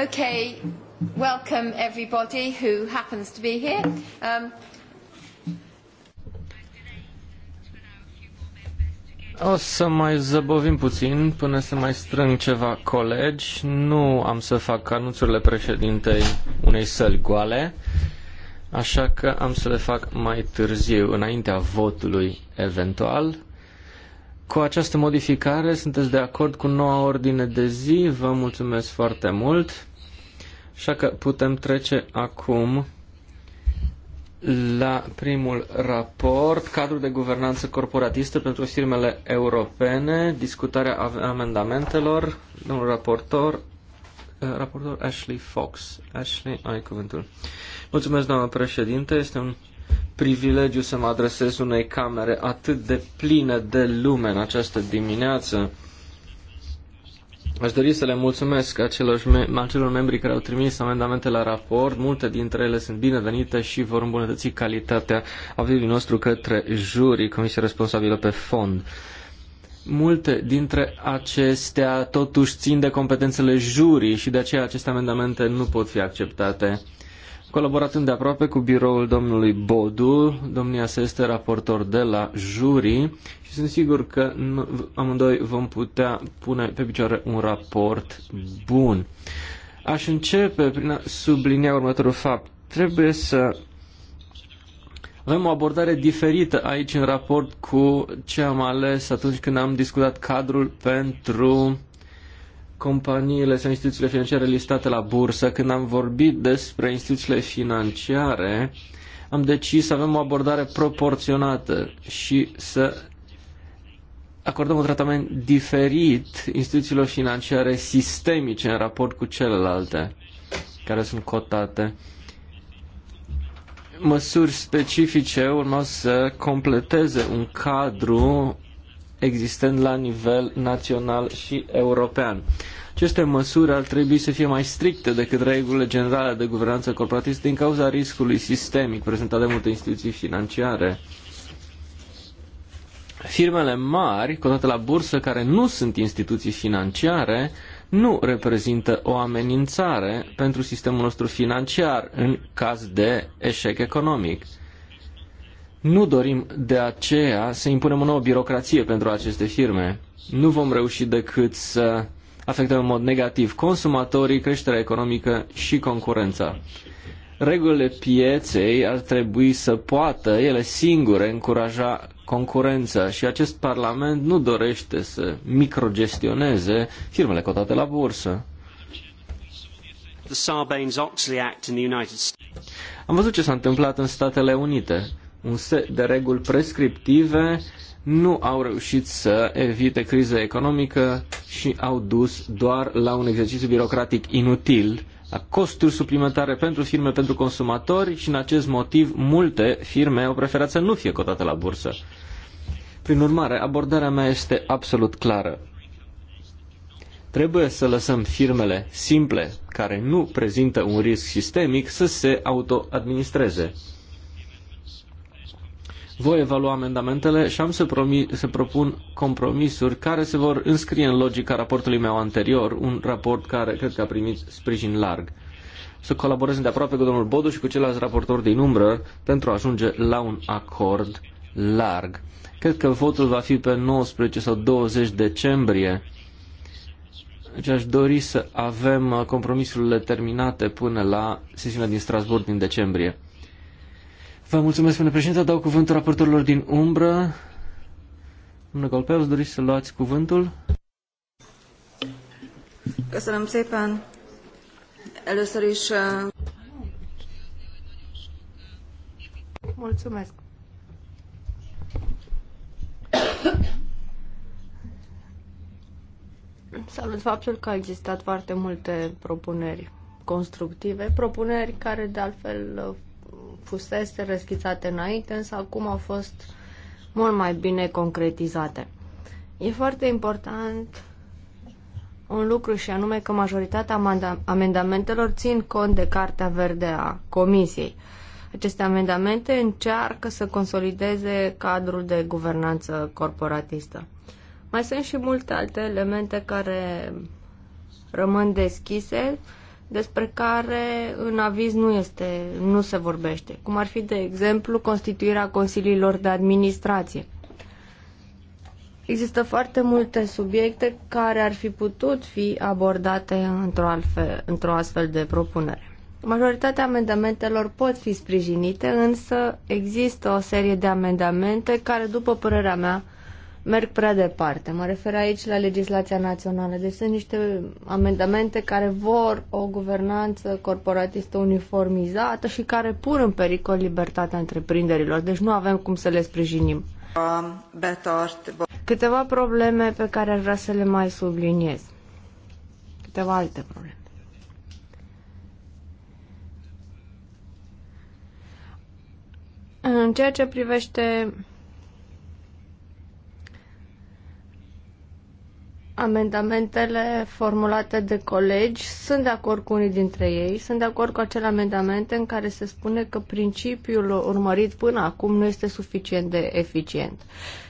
Okay, welcome everybody who happens to be here. Um... O să mai zăbovim puțin până să mai strâng ceva colegi. Nu am să fac anunțurile președintei unei săli goale, așa că am să le fac mai târziu, înaintea votului eventual. Cu această modificare sunteți de acord cu noua ordine de zi? Vă mulțumesc foarte mult. Așa că putem trece acum la primul raport, cadrul de guvernanță corporatistă pentru firmele europene, discutarea amendamentelor, domnul raportor, eh, raportor Ashley Fox. Ashley, ai cuvântul. Mulțumesc, doamnă președinte, este un privilegiu să mă adresez unei camere atât de pline de lume în această dimineață. Aș dori să le mulțumesc acelor, acelor membri care au trimis amendamente la raport. Multe dintre ele sunt binevenite și vor îmbunătăți calitatea avizului nostru către juri, comisia responsabilă pe fond. Multe dintre acestea totuși țin de competențele jurii și de aceea aceste amendamente nu pot fi acceptate de aproape cu biroul domnului Bodu, domnia sa este raportor de la juri și sunt sigur că amândoi vom putea pune pe picioare un raport bun. Aș începe prin a sublinia următorul fapt. Trebuie să avem o abordare diferită aici în raport cu ce am ales atunci când am discutat cadrul pentru companiile sau instituțiile financiare listate la bursă, când am vorbit despre instituțiile financiare, am decis să avem o abordare proporționată și să acordăm un tratament diferit instituțiilor financiare sistemice în raport cu celelalte care sunt cotate. Măsuri specifice urmau să completeze un cadru existent la nivel național și european. Aceste măsuri ar trebui să fie mai stricte decât regulile generale de guvernanță corporatistă din cauza riscului sistemic prezentat de multe instituții financiare. Firmele mari, cotate la bursă, care nu sunt instituții financiare, nu reprezintă o amenințare pentru sistemul nostru financiar în caz de eșec economic. Nu dorim de aceea să impunem o nouă birocrație pentru aceste firme. Nu vom reuși decât să afectăm în mod negativ consumatorii, creșterea economică și concurența. Regulile pieței ar trebui să poată ele singure încuraja concurența și acest parlament nu dorește să microgestioneze firmele cotate la bursă. Am văzut ce s-a întâmplat în Statele Unite un set de reguli prescriptive nu au reușit să evite criza economică și au dus doar la un exercițiu birocratic inutil, la costuri suplimentare pentru firme, pentru consumatori și în acest motiv multe firme au preferat să nu fie cotate la bursă. Prin urmare, abordarea mea este absolut clară. Trebuie să lăsăm firmele simple, care nu prezintă un risc sistemic, să se autoadministreze. administreze voi evalua amendamentele și am să, promi- să propun compromisuri care se vor înscrie în logica raportului meu anterior, un raport care cred că a primit sprijin larg. Să colaborez de aproape cu domnul Bodu și cu ceilalți raportori din umbră pentru a ajunge la un acord larg. Cred că votul va fi pe 19 sau 20 decembrie. Deci aș dori să avem uh, compromisurile terminate până la sesiunea din Strasburg din decembrie. Vă mulțumesc, până președinte. Dau cuvântul raportorilor din umbră. Domnule Golpeus, doriți să luați cuvântul? Köszönöm szépen. Először is... Uh, mulțumesc. Salut faptul că au existat foarte multe propuneri constructive, propuneri care de altfel fusese răschițate înainte, însă acum au fost mult mai bine concretizate. E foarte important un lucru și anume că majoritatea amendamentelor țin cont de Cartea Verde a Comisiei. Aceste amendamente încearcă să consolideze cadrul de guvernanță corporatistă. Mai sunt și multe alte elemente care rămân deschise, despre care în aviz nu, este, nu se vorbește, cum ar fi, de exemplu, constituirea consiliilor de administrație. Există foarte multe subiecte care ar fi putut fi abordate într-o, altfel, într-o astfel de propunere. Majoritatea amendamentelor pot fi sprijinite, însă există o serie de amendamente care, după părerea mea, merg prea departe. Mă refer aici la legislația națională. Deci sunt niște amendamente care vor o guvernanță corporatistă uniformizată și care pun în pericol libertatea întreprinderilor. Deci nu avem cum să le sprijinim. Câteva probleme pe care ar vrea să le mai subliniez. Câteva alte probleme. În ceea ce privește amendamentele formulate de colegi. Sunt de acord cu unii dintre ei. Sunt de acord cu acele amendamente în care se spune că principiul urmărit până acum nu este suficient de eficient.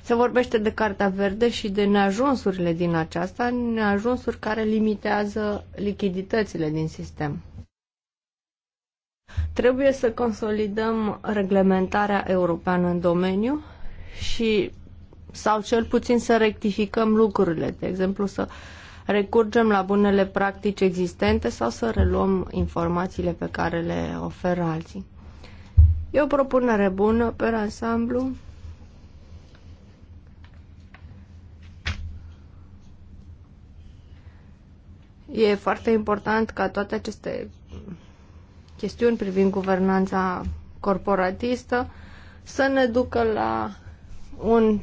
Se vorbește de Carta Verde și de neajunsurile din aceasta, neajunsuri care limitează lichiditățile din sistem. Trebuie să consolidăm reglementarea europeană în domeniu și sau cel puțin să rectificăm lucrurile, de exemplu să recurgem la bunele practici existente sau să reluăm informațiile pe care le oferă alții. E o propunere bună pe ansamblu. E foarte important ca toate aceste chestiuni privind guvernanța corporatistă să ne ducă la un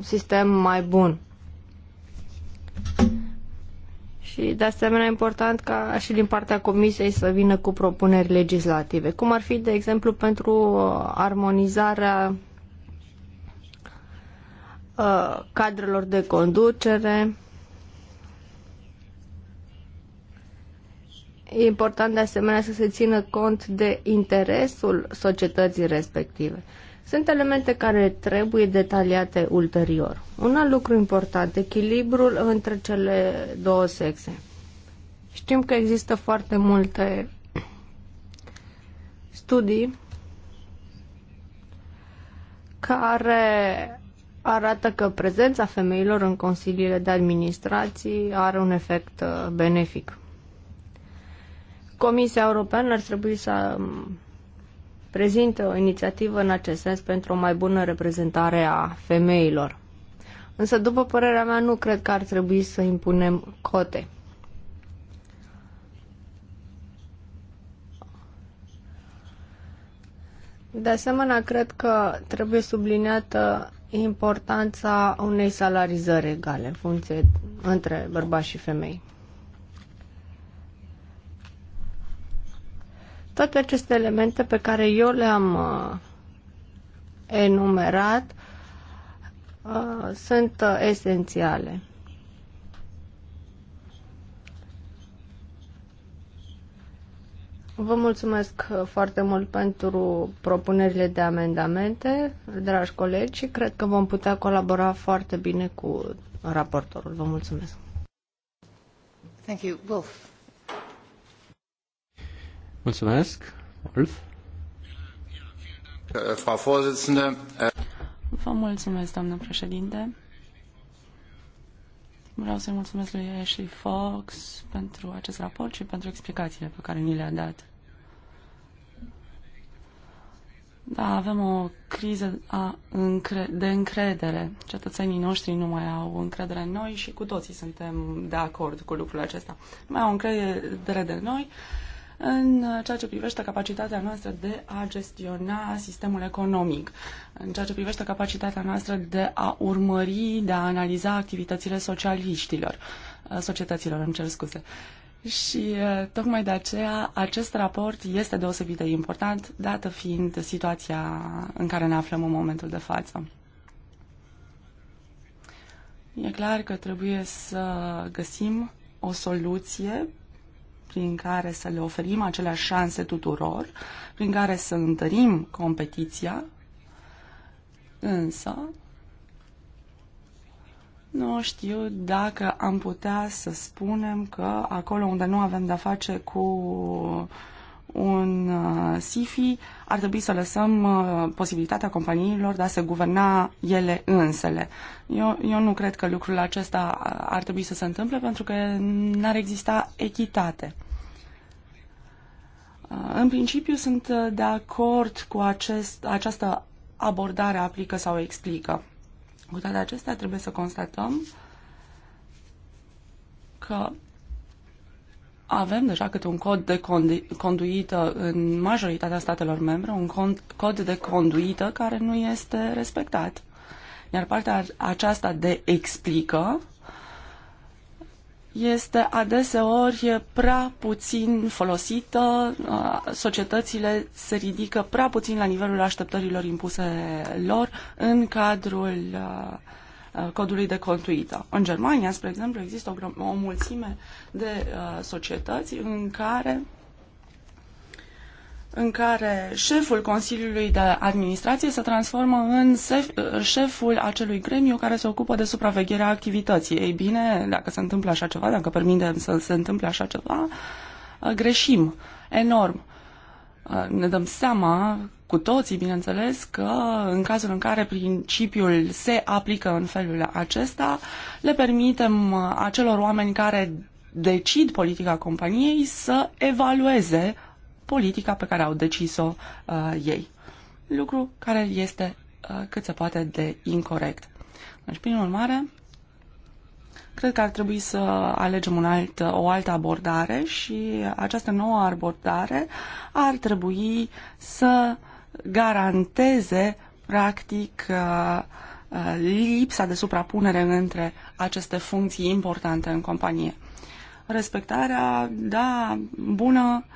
sistem mai bun. Și de asemenea important ca și din partea Comisiei să vină cu propuneri legislative, cum ar fi, de exemplu, pentru uh, armonizarea uh, cadrelor de conducere. E important de asemenea să se țină cont de interesul societății respective. Sunt elemente care trebuie detaliate ulterior. Un alt lucru important, echilibrul între cele două sexe. Știm că există foarte multe studii care arată că prezența femeilor în consiliile de administrații are un efect benefic. Comisia Europeană ar trebui să prezintă o inițiativă în acest sens pentru o mai bună reprezentare a femeilor. Însă, după părerea mea, nu cred că ar trebui să impunem cote. De asemenea, cred că trebuie subliniată importanța unei salarizări egale în funcție între bărbați și femei. toate aceste elemente pe care eu le-am uh, enumerat uh, sunt uh, esențiale. Vă mulțumesc uh, foarte mult pentru propunerile de amendamente, dragi colegi, și cred că vom putea colabora foarte bine cu raportorul. Vă mulțumesc. Thank you, Wolf. Mulțumesc. Äh, mulțumesc, Vreau să-i mulțumesc lui Ashley Fox pentru acest raport și pentru explicațiile pe care ni le-a dat. Da, avem o criză a încre- de încredere. Cetățenii noștri nu mai au încredere în noi și cu toții suntem de acord cu lucrul acesta. Nu mai au încredere de noi în ceea ce privește capacitatea noastră de a gestiona sistemul economic, în ceea ce privește capacitatea noastră de a urmări, de a analiza activitățile socialiștilor, uh, societăților, îmi cer scuze. Și uh, tocmai de aceea acest raport este deosebit de important, dată fiind situația în care ne aflăm în momentul de față. E clar că trebuie să găsim o soluție prin care să le oferim aceleași șanse tuturor, prin care să întărim competiția, însă nu știu dacă am putea să spunem că acolo unde nu avem de-a face cu un uh, SIFI, ar trebui să lăsăm uh, posibilitatea companiilor de a se guverna ele însele. Eu, eu nu cred că lucrul acesta ar trebui să se întâmple pentru că n-ar exista echitate. În principiu sunt uh, de acord cu acest, această abordare aplică sau explică. Cu toate acestea trebuie să constatăm că avem deja câte un cod de conduită în majoritatea statelor membre, un cod de conduită care nu este respectat. Iar partea aceasta de explică este adeseori prea puțin folosită, societățile se ridică prea puțin la nivelul așteptărilor impuse lor în cadrul codului de conduită. În Germania, spre exemplu, există o, o mulțime de societăți în care în care șeful Consiliului de Administrație se transformă în șeful acelui gremiu care se ocupă de supravegherea activității. Ei bine, dacă se întâmplă așa ceva, dacă permitem să se întâmple așa ceva, ă, greșim enorm. Ă, ne dăm seama cu toții, bineînțeles, că în cazul în care principiul se aplică în felul acesta, le permitem ă, acelor oameni care decid politica companiei să evalueze politica pe care au decis-o uh, ei. Lucru care este uh, cât se poate de incorrect. Deci, prin urmare, cred că ar trebui să alegem un alt, o altă abordare și această nouă abordare ar trebui să garanteze, practic, uh, uh lipsa de suprapunere între aceste funcții importante în companie. Respectarea, da, bună, uh,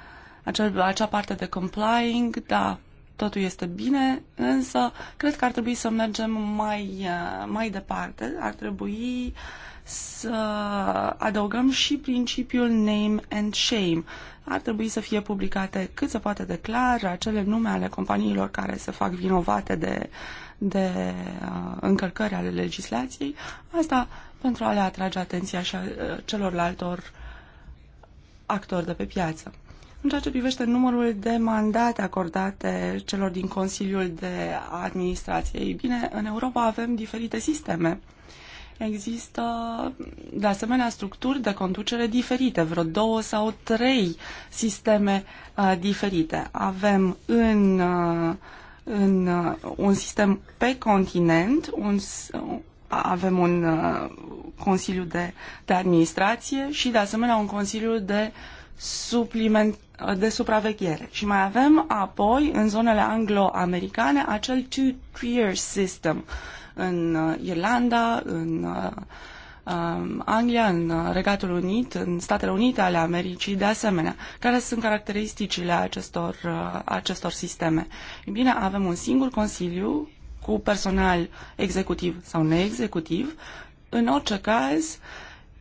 acea, acea parte de complying, da, totul este bine, însă cred că ar trebui să mergem mai, eh, mai departe. Ar trebui să adăugăm și principiul name and shame. Ar trebui să fie publicate cât se poate de clar acele nume ale companiilor care se fac vinovate de, de eh, încălcări ale legislației. Asta pentru a le atrage atenția și a eh, celorlaltor actori de pe piață. În ceea ce privește numărul de mandate acordate celor din Consiliul de Administrație, ei bine, în Europa avem diferite sisteme. Există, de asemenea, structuri de conducere diferite, vreo două sau trei sisteme uh, diferite. Avem în, uh, în uh, un sistem pe continent, un, avem un uh, Consiliu de, de Administrație și, de asemenea, un Consiliu de uh, supliment, de supraveghere. Și mai avem apoi, în zonele anglo-americane, acel two-tier system. În uh, Irlanda, în uh, um, Anglia, în uh, Regatul Unit, în Statele Unite ale Americii, de asemenea. Care sunt caracteristicile acestor, uh, acestor sisteme? E bine, avem un singur consiliu cu personal executiv sau neexecutiv. În orice caz,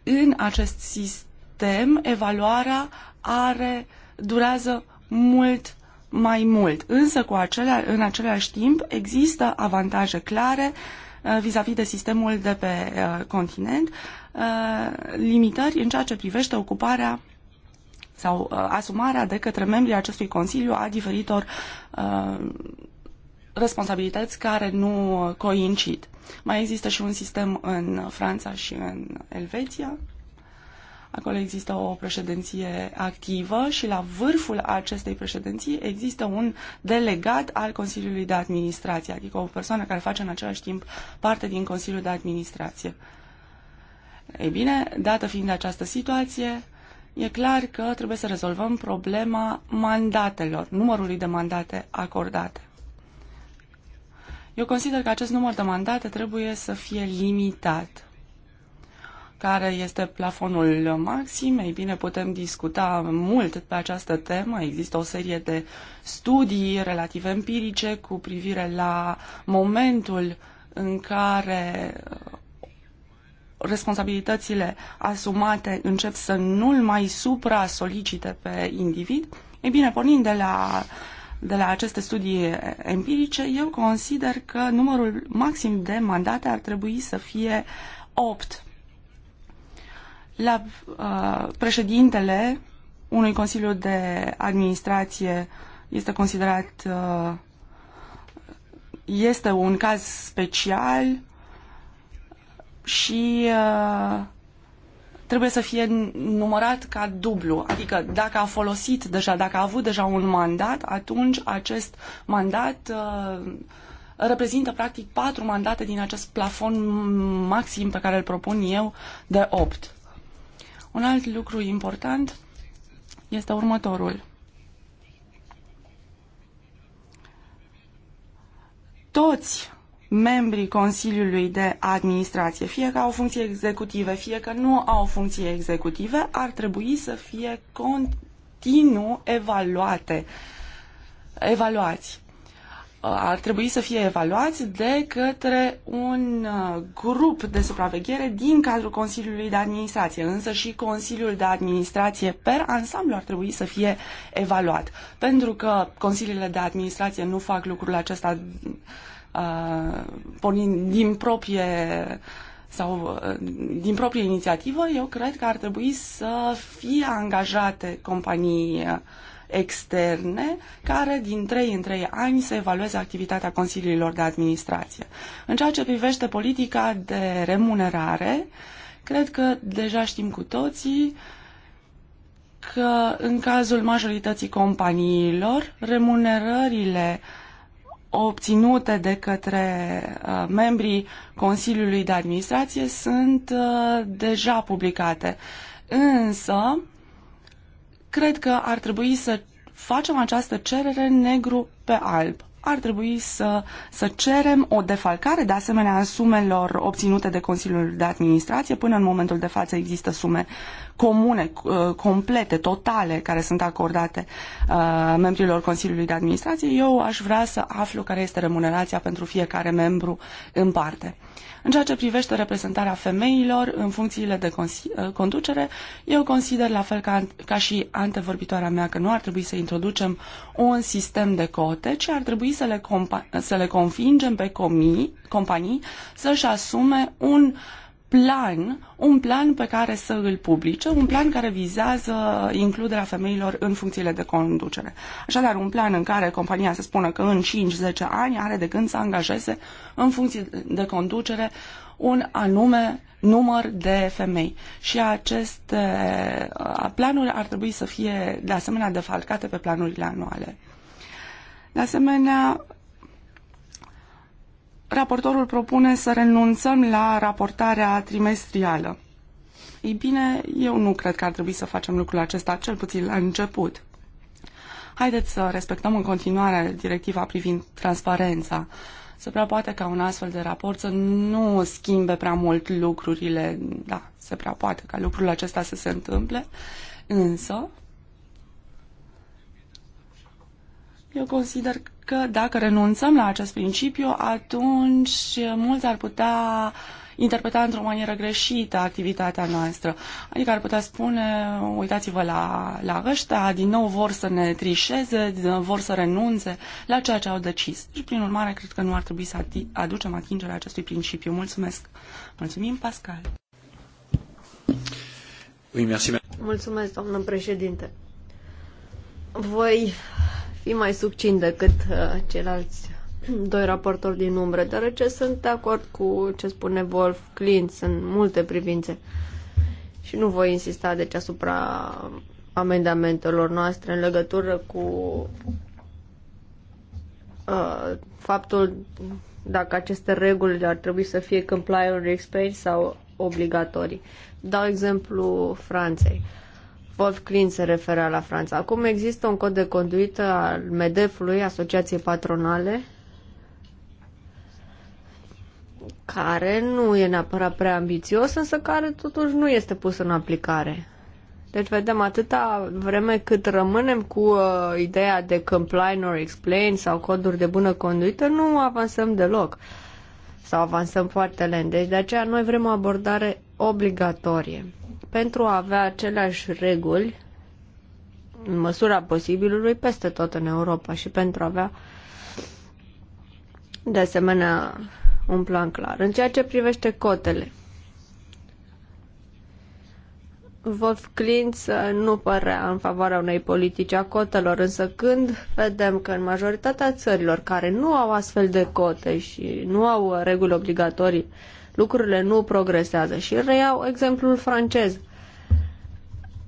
în acest sistem, evaluarea are, durează mult mai mult. Însă, cu acelea, în același timp, există avantaje clare uh, vis-a-vis -vis de sistemul de pe uh, continent, uh, limitări în ceea ce privește ocuparea sau asumarea de către membrii acestui Consiliu a diferitor responsabilități care nu coincid. Mai există și un sistem în Franța și în Elveția, Acolo există o președinție activă și la vârful acestei președinții există un delegat al Consiliului de Administrație, adică o persoană care face în același timp parte din Consiliul de Administrație. Ei bine, dată fiind această situație, e clar că trebuie să rezolvăm problema mandatelor, numărului de mandate acordate. Eu consider că acest număr de mandate trebuie să fie limitat care este plafonul maxim. Ei bine, putem discuta mult pe această temă. Există o serie de studii relativ empirice cu privire la momentul în care uh, responsabilitățile asumate încep să nu-l mai supra-solicite pe individ. Ei bine, pornind de la, de la aceste studii empirice, eu consider că numărul maxim de mandate ar trebui să fie 8 la uh, președintele unui consiliu de administrație este considerat uh, este un caz special și uh, trebuie să fie numărat ca dublu. Adică dacă a folosit deja, dacă a avut deja un mandat, atunci acest mandat uh, reprezintă practic patru mandate din acest plafon maxim pe care îl propun eu de opt. Un alt lucru important este următorul. Toți membrii Consiliului de Administrație, fie că au funcții executive, fie că nu au funcții executive, ar trebui să fie continuu evaluate, evaluați ar trebui să fie evaluați de către un uh, grup de supraveghere din cadrul Consiliului de Administrație, însă și Consiliul de Administrație per ansamblu ar trebui să fie evaluat, pentru că Consiliile de Administrație nu fac lucrul acesta uh, din proprie sau uh, din proprie inițiativă, eu cred că ar trebui să fie angajate companii uh, externe care din 3 în 3 ani să evalueze activitatea consiliilor de administrație. În ceea ce privește politica de remunerare, cred că deja știm cu toții că în cazul majorității companiilor, remunerările obținute de către uh, membrii Consiliului de Administrație sunt uh, deja publicate. Însă, Cred că ar trebui să facem această cerere negru pe alb. Ar trebui să, să cerem o defalcare de asemenea a sumelor obținute de Consiliul de Administrație. Până în momentul de față există sume comune, uh, complete, totale, care sunt acordate uh, membrilor Consiliului de Administrație. Eu aș vrea să aflu care este remunerația pentru fiecare membru în parte. Uh, în ceea ce privește reprezentarea femeilor în funcțiile de ă, conducere, eu consider, la fel ca, ca și antevorbitoarea mea, că nu ar trebui să introducem un sistem de cote, ci ar trebui să le, să le convingem pe comii, companii să-și asume un uh, plan, un plan pe care să îl publice, un plan care vizează includerea femeilor în funcțiile de conducere. Așadar, un plan în care compania să spună că în 5-10 ani are de gând să angajeze în funcții de conducere un anume număr de femei. Și aceste planuri ar trebui să fie de asemenea defalcate pe planurile anuale. De asemenea, raportorul propune să renunțăm la raportarea trimestrială. Ei bine, eu nu cred că ar trebui să facem lucrul acesta, cel puțin la început. Haideți să respectăm în continuare directiva privind transparența. Se prea poate ca un astfel de raport să nu schimbe prea mult lucrurile. Da, se prea poate ca lucrul acesta să se întâmple, însă Eu consider că dacă renunțăm la acest principiu, atunci mulți ar putea interpreta într-o manieră greșită activitatea noastră. Adică ar putea spune, uitați-vă la, la ăștia, din nou vor să ne trișeze, vor să renunțe la ceea ce au decis. Și prin urmare, cred că nu ar trebui să aducem atingerea acestui principiu. Mulțumesc! Mulțumim, Pascal! Mulțumesc, domnul președinte! Voi fi mai succint decât uh, ceilalți doi raportori din umbră, deoarece sunt de acord cu ce spune Wolf Klintz în multe privințe și nu voi insista deci asupra amendamentelor noastre în legătură cu uh, faptul dacă aceste reguli ar trebui să fie compliant respect sau obligatorii. Dau exemplu Franței. Uh, Wolf Klin se referea la Franța. Acum există un cod de conduită al MEDEF-ului, Asociației Patronale, care nu e neapărat prea ambițios, însă care totuși nu este pus în aplicare. Deci vedem atâta vreme cât rămânem cu uh, ideea de complain or explain sau coduri de bună conduită, nu avansăm deloc sau avansăm foarte lent. Deci de aceea noi vrem o abordare obligatorie pentru a avea aceleași reguli în măsura posibilului peste tot în Europa și pentru a avea de asemenea un plan clar. În ceea ce privește cotele, Wolf Klintz nu părea în favoarea unei politici a cotelor, însă când vedem că în majoritatea țărilor care nu au astfel de cote și nu au reguli obligatorii lucrurile nu progresează. Și reiau exemplul francez.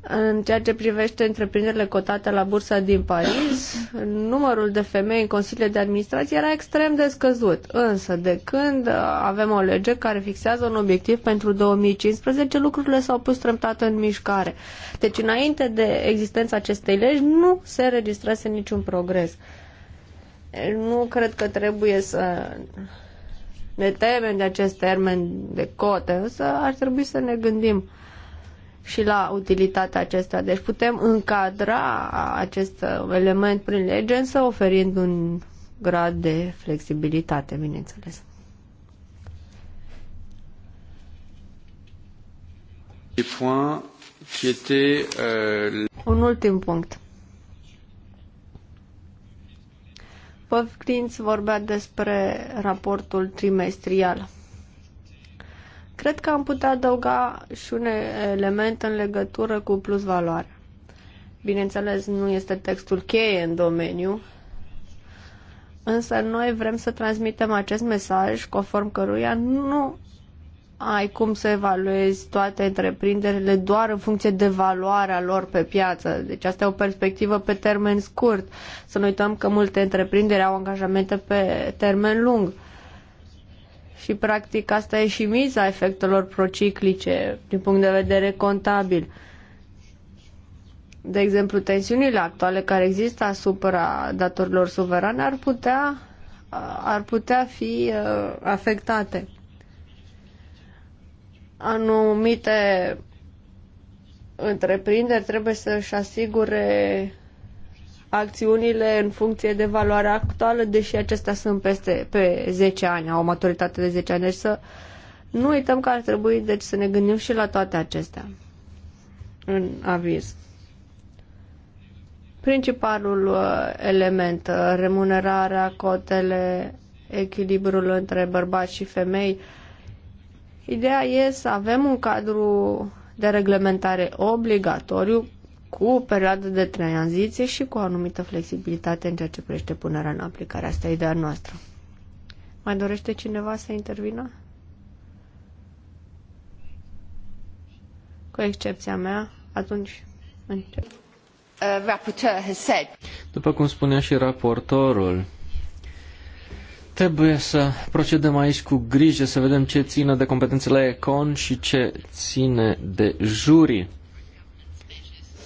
În ceea ce privește întreprinderile cotate la bursa din Paris, numărul de femei în consiliile de administrație era extrem de scăzut. Însă, de când avem o lege care fixează un obiectiv pentru 2015, lucrurile s-au pus treptat în mișcare. Deci, înainte de existența acestei legi, nu se registrase niciun progres. Nu cred că trebuie să ne temem de acest termen de cote, însă ar trebui să ne gândim și la utilitatea acestea. Deci putem încadra acest element prin lege, însă oferind un grad de flexibilitate, bineînțeles. Euh, un ultim punct. Păvcrinț vorbea despre raportul trimestrial. Cred că am putea adăuga și un element în legătură cu plus valoare. Bineînțeles, nu este textul cheie în domeniu, însă noi vrem să transmitem acest mesaj conform căruia nu ai cum să evaluezi toate întreprinderile doar în funcție de valoarea lor pe piață. Deci asta e o perspectivă pe termen scurt. Să nu uităm că multe întreprinderi au angajamente pe termen lung. Și practic asta e și miza efectelor prociclice din punct de vedere contabil. De exemplu, tensiunile actuale care există asupra datorilor suverane ar putea, ar putea fi uh, afectate anumite întreprinderi trebuie să-și asigure acțiunile în funcție de valoarea actuală, deși acestea sunt peste pe 10 ani, au o maturitate de 10 ani. Deci să nu uităm că ar trebui deci, să ne gândim și la toate acestea în aviz. Principalul uh, element, uh, remunerarea, cotele, echilibrul între bărbați și femei, uh, Ideea e să avem un cadru de reglementare obligatoriu cu o perioadă de tranziție și cu o anumită flexibilitate în ceea ce privește punerea în aplicare. Asta e ideea noastră. Mai dorește cineva să intervină? Cu excepția mea, atunci încep. Uh, După cum spunea și raportorul, Trebuie să procedăm aici cu grijă, să vedem ce ține de competențele Econ și ce ține de juri.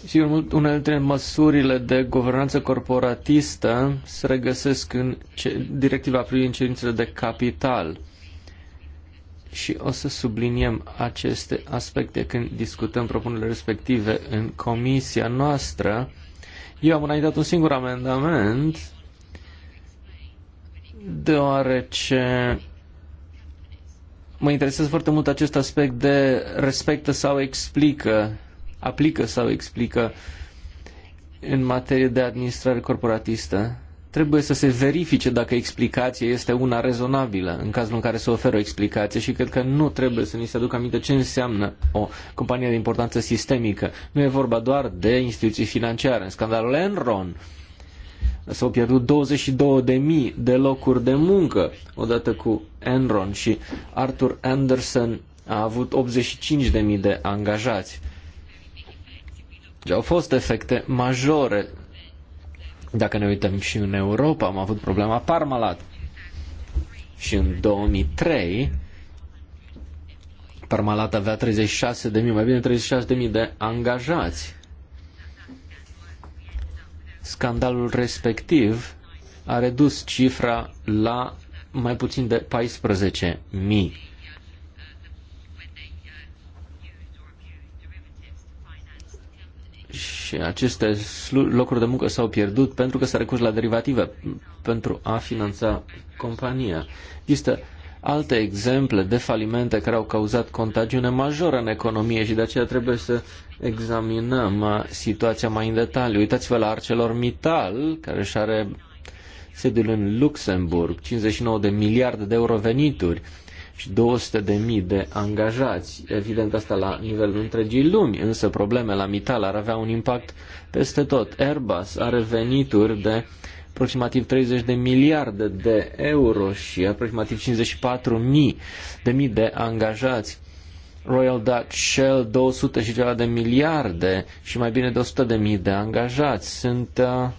Sigur, unele dintre măsurile de guvernanță corporatistă se regăsesc în directiva privind cerințele de capital. Și o să subliniem aceste aspecte când discutăm propunerile respective în comisia noastră. Eu am înaintat un singur amendament deoarece mă interesează foarte mult acest aspect de respectă sau explică, aplică sau explică în materie de administrare corporatistă. Trebuie să se verifice dacă explicația este una rezonabilă în cazul în care se oferă o explicație și cred că nu trebuie să ni se aducă aminte ce înseamnă o companie de importanță sistemică. Nu e vorba doar de instituții financiare. În scandalul Enron, s-au pierdut 22.000 de locuri de muncă odată cu Enron și Arthur Anderson a avut 85.000 de angajați. Deci au fost efecte majore. Dacă ne uităm și în Europa, am avut problema Parmalat. Și în 2003, Parmalat avea 36.000, mai bine 36.000 de angajați. Scandalul respectiv a redus cifra la mai puțin de 14.000. Și aceste locuri de muncă s-au pierdut pentru că s-a recurs la derivative pentru a finanța compania. Există alte exemple de falimente care au cauzat contagiune majoră în economie și de aceea trebuie să examinăm uh, situația mai în detaliu. Uitați-vă la ArcelorMittal, care își are sediul în Luxemburg, 59 de miliarde de euro venituri și 200 de mii de angajați. Evident, asta la nivelul întregii lumi, însă probleme la Mittal ar avea un impact peste tot. Airbus are venituri de aproximativ 30 de miliarde de euro și aproximativ 54 mii de mii de angajați. Royal Dutch Shell 200 și ceva de miliarde și mai bine de 100 de mii de angajați. Sunt uh,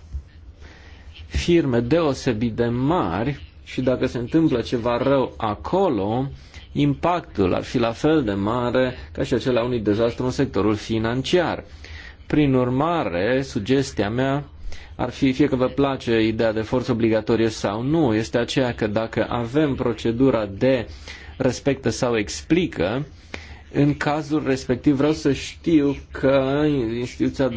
firme deosebit de mari și dacă se întâmplă ceva rău acolo, impactul ar fi la fel de mare ca și acela unui dezastru în sectorul financiar. Prin urmare, sugestia mea ar fi fie că vă place ideea de forță obligatorie sau nu, este aceea că dacă avem procedura de respectă sau explică, în cazul respectiv vreau să știu că instituția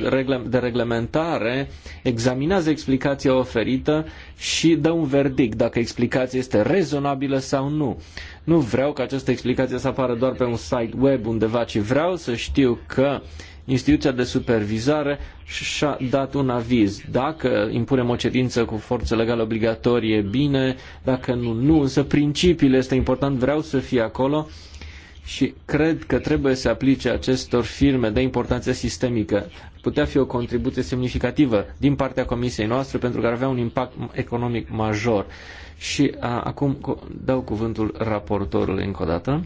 de reglementare examinează explicația oferită și dă un verdict dacă explicația este rezonabilă sau nu. Nu vreau ca această explicație să apară doar pe un site web undeva, ci vreau să știu că instituția de supervizare și-a dat un aviz. Dacă impunem o cerință cu forță legală obligatorie, bine, dacă nu, nu, însă principiile este important, vreau să fie acolo și cred că trebuie să aplice acestor firme de importanță sistemică. Putea fi o contribuție semnificativă din partea comisiei noastre pentru că ar avea un impact economic major. Și a, acum dau cuvântul raportorului încă o dată.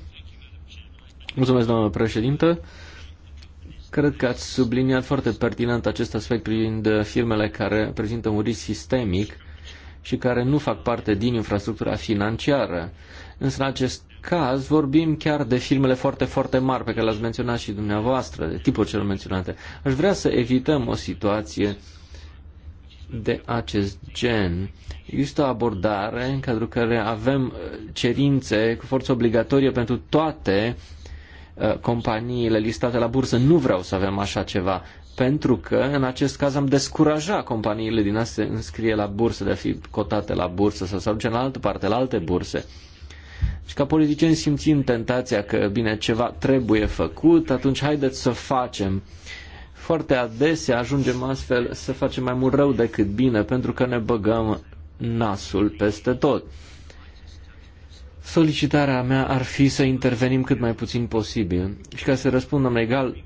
Mulțumesc, doamnă președintă. Cred că ați subliniat foarte pertinent acest aspect privind firmele care prezintă un risc sistemic și care nu fac parte din infrastructura financiară. Însă în acest caz vorbim chiar de firmele foarte, foarte mari pe care le-ați menționat și dumneavoastră, de tipul celor menționate. Aș vrea să evităm o situație de acest gen. Există o abordare în cadrul care avem uh, cerințe cu forță obligatorie pentru toate Uh, companiile listate la bursă. Nu vreau să avem așa ceva, pentru că în acest caz am descuraja companiile din a se înscrie la bursă, de a fi cotate la bursă sau să duce în altă parte, la alte burse. Și deci, ca politicieni simțim tentația că, bine, ceva trebuie făcut, atunci haideți să facem. Foarte adesea ajungem astfel să facem mai mult rău decât bine, pentru că ne băgăm nasul peste tot. Solicitarea mea ar fi să intervenim cât mai puțin posibil. Și ca să răspundem egal,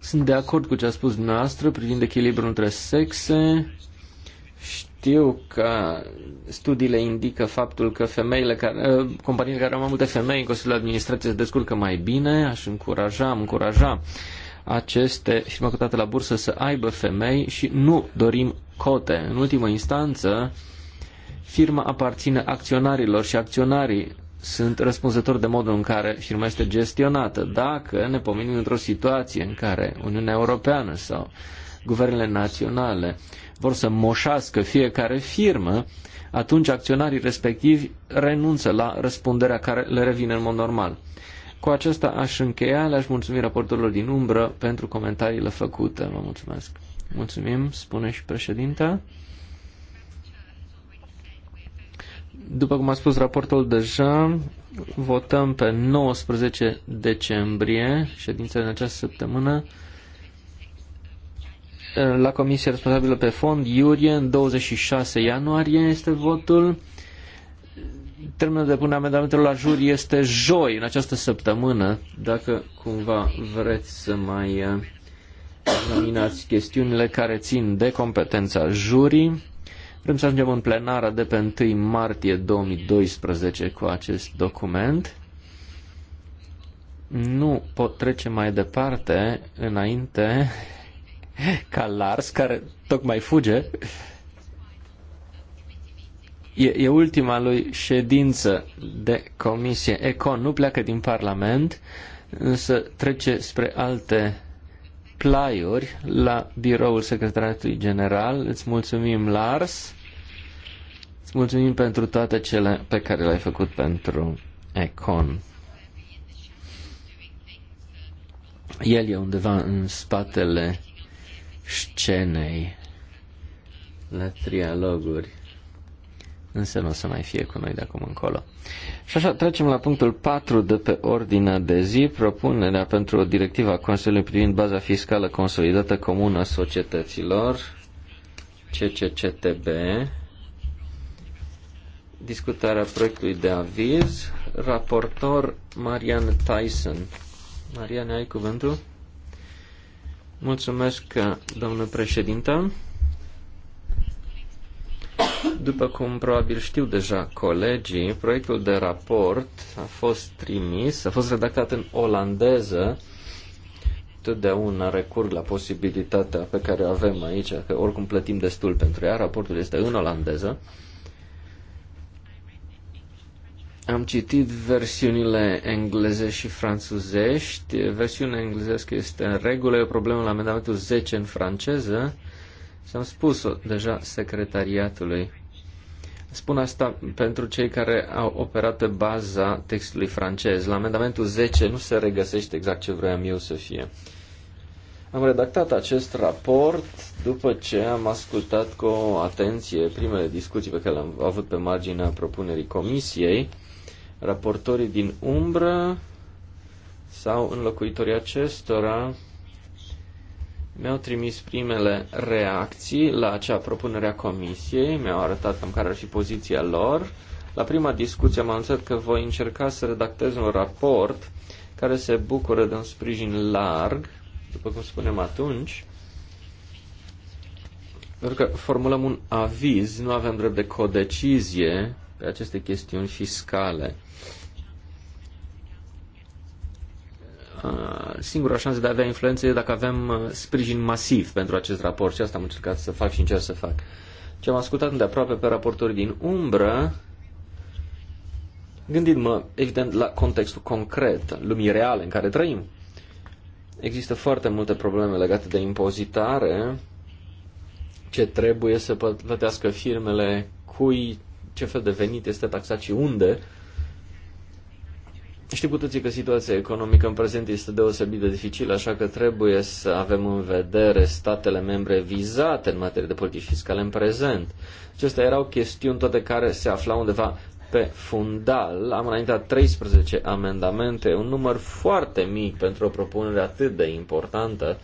sunt de acord cu ce a spus dumneavoastră privind echilibrul între sexe. Știu că studiile indică faptul că femeile care, ă, companiile care au mai multe femei în Consiliul de Administrație se descurcă mai bine. Aș încuraja, am încuraja aceste firme cotate la bursă să aibă femei și nu dorim cote. În ultimă instanță, firma aparține acționarilor și acționarii sunt răspunzători de modul în care firma este gestionată. Dacă ne pomenim într-o situație în care Uniunea Europeană sau guvernele naționale vor să moșească fiecare firmă, atunci acționarii respectivi renunță la răspunderea care le revine în mod normal. Cu acesta aș încheia, le-aș mulțumi raportorilor din umbră pentru comentariile făcute. Vă mulțumesc. Mulțumim, spune și președinta. După cum a spus raportul deja, votăm pe 19 decembrie, ședința din această săptămână, la comisia responsabilă pe fond, iurie, în 26 ianuarie este votul. Termenul de punere amendamentelor la jur este joi, în această săptămână, dacă cumva vreți să mai eh, examinați chestiunile care țin de competența jurii. Vrem să ajungem în plenară de pe 1 martie 2012 cu acest document. Nu pot trece mai departe înainte ca Lars, care tocmai fuge, e, e ultima lui ședință de comisie Econ, nu pleacă din Parlament, însă trece spre alte plaiuri la biroul secretarului general. Îți mulțumim, Lars. Îți mulțumim pentru toate cele pe care le-ai făcut pentru Econ. El e undeva în spatele scenei la trialoguri, însă nu o să mai fie cu noi de acum încolo. Și așa trecem la punctul 4 de pe ordinea de zi, propunerea pentru o directivă a Consiliului privind baza fiscală consolidată comună a societăților, CCCTB, discutarea proiectului de aviz. Raportor Marian Tyson. Marian, ai cuvântul? Mulțumesc, domnule președinte. După cum probabil știu deja colegii, proiectul de raport a fost trimis, a fost redactat în olandeză. Totdeauna recurg la posibilitatea pe care o avem aici, că oricum plătim destul pentru ea, raportul este în olandeză. Am citit versiunile engleze și franțuzești. Versiunea englezească este în regulă, e o problemă la amendamentul 10 în franceză și am spus-o deja secretariatului. Spun asta pentru cei care au operat pe baza textului francez. La amendamentul 10 nu se regăsește exact ce vreau eu să fie. Am redactat acest raport după ce am ascultat cu atenție primele discuții pe care le-am avut pe marginea propunerii comisiei raportorii din umbră sau înlocuitorii acestora mi-au trimis primele reacții la acea propunere a comisiei, mi-au arătat cam care ar fi poziția lor. La prima discuție am anunțat că voi încerca să redactez un raport care se bucură de un sprijin larg, după cum spunem atunci, pentru că formulăm un aviz, nu avem drept de codecizie pe aceste chestiuni fiscale. Singura șansă de a avea influență e dacă avem uh, sprijin masiv pentru acest raport și asta am încercat să fac și încerc să fac. Ce am ascultat de aproape pe raportori din umbră, gândind mă evident, la contextul concret, lumii reale în care trăim, există foarte multe probleme legate de impozitare, ce trebuie să plătească firmele, cui ce fel de venit este taxat și unde. Știi cu toții că situația economică în prezent este deosebit de dificilă, așa că trebuie să avem în vedere statele membre vizate în materie de politici fiscale în prezent. Acestea erau chestiuni toate care se aflau undeva pe fundal. Am înaintat 13 amendamente, un număr foarte mic pentru o propunere atât de importantă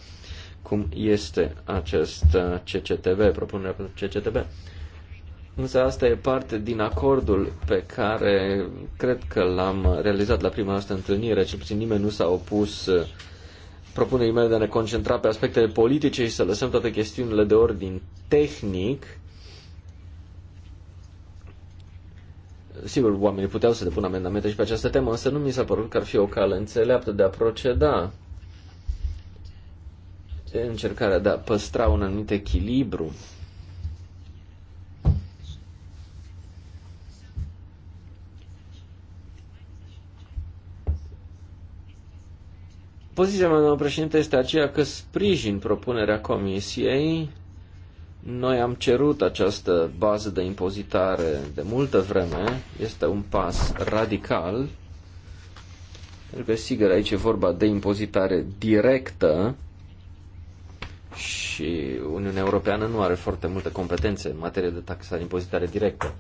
cum este acest CCTB, propunerea pentru CCTB. Însă asta e parte din acordul pe care cred că l-am realizat la prima noastră întâlnire, cel puțin nimeni nu s-a opus uh, propunerii mele de a ne concentra pe aspectele politice și să lăsăm toate chestiunile de ordin tehnic. Sigur, oamenii puteau să depună amendamente și pe această temă, însă nu mi s-a părut că ar fi o cale înțeleaptă de a proceda încercarea de a păstra un anumit echilibru Poziția mea, domnul președinte, este aceea că sprijin propunerea comisiei. Noi am cerut această bază de impozitare de multă vreme. Este un pas radical. Pentru că, sigur, aici e vorba de impozitare directă și Uniunea Europeană nu are foarte multe competențe în materie de taxare impozitare directă.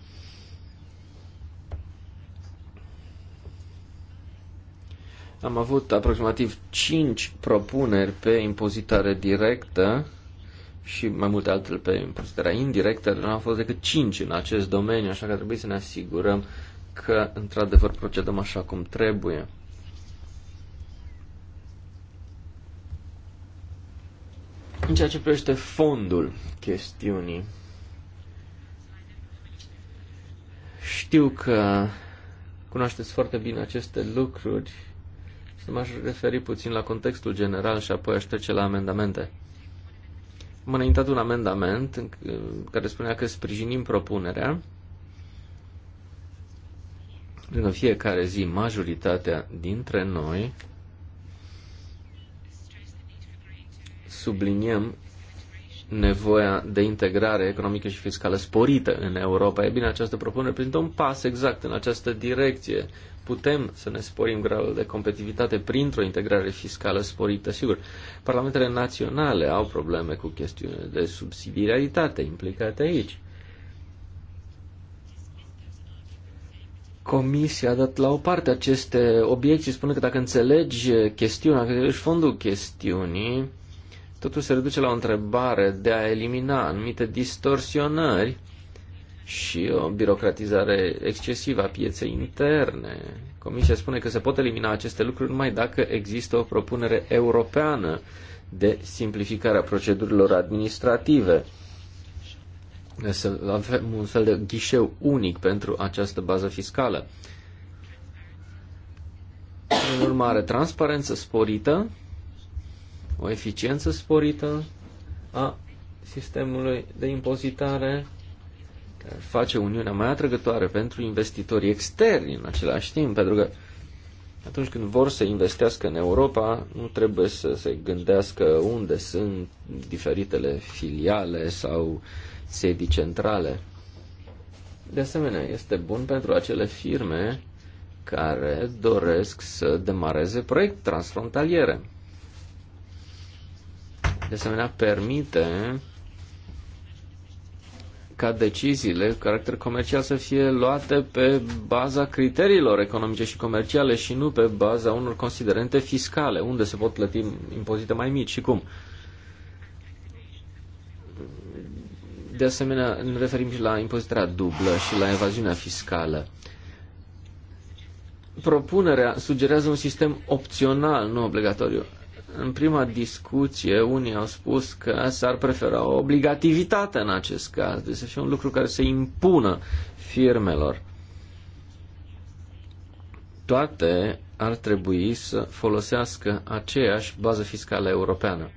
Am avut aproximativ 5 propuneri pe impozitare directă și mai multe altele pe impozitarea indirectă. Nu au fost decât 5 în acest domeniu, așa că trebuie să ne asigurăm că într-adevăr procedăm așa cum trebuie. În ceea ce privește fondul chestiunii, știu că cunoașteți foarte bine aceste lucruri să m-aș referi puțin la contextul general și apoi aș trece la amendamente. Am înaintat un amendament în care spunea că sprijinim propunerea în fiecare zi majoritatea dintre noi subliniem nevoia de integrare economică și fiscală sporită în Europa. E bine, această propunere prezintă un pas exact în această direcție putem să ne sporim gradul de competitivitate printr-o integrare fiscală sporită. Sigur, parlamentele naționale au probleme cu chestiunile de subsidiaritate implicate aici. Comisia a dat la o parte aceste obiecții, spune că dacă înțelegi chestiunea, că ești fondul chestiunii, totul se reduce la o întrebare de a elimina anumite distorsionări și o birocratizare excesivă a pieței interne. Comisia spune că se pot elimina aceste lucruri numai dacă există o propunere europeană de simplificare a procedurilor administrative. Să avem un fel de ghișeu unic pentru această bază fiscală. În urmare, transparență sporită, o eficiență sporită a sistemului de impozitare face Uniunea mai atrăgătoare pentru investitorii externi în același timp, pentru că atunci când vor să investească în Europa, nu trebuie să se gândească unde sunt diferitele filiale sau sedii centrale. De asemenea, este bun pentru acele firme care doresc să demareze proiect transfrontaliere. De asemenea, permite ca deciziile cu caracter comercial să fie luate pe baza criteriilor economice și comerciale și nu pe baza unor considerente fiscale, unde se pot plăti impozite mai mici și cum. De asemenea, ne referim și la impozitarea dublă și la evaziunea fiscală. Propunerea sugerează un sistem opțional, nu obligatoriu. În prima discuție, unii au spus că s-ar prefera o obligativitate în acest caz, deci să fie un lucru care să impună firmelor. Toate ar trebui să folosească aceeași bază fiscală europeană.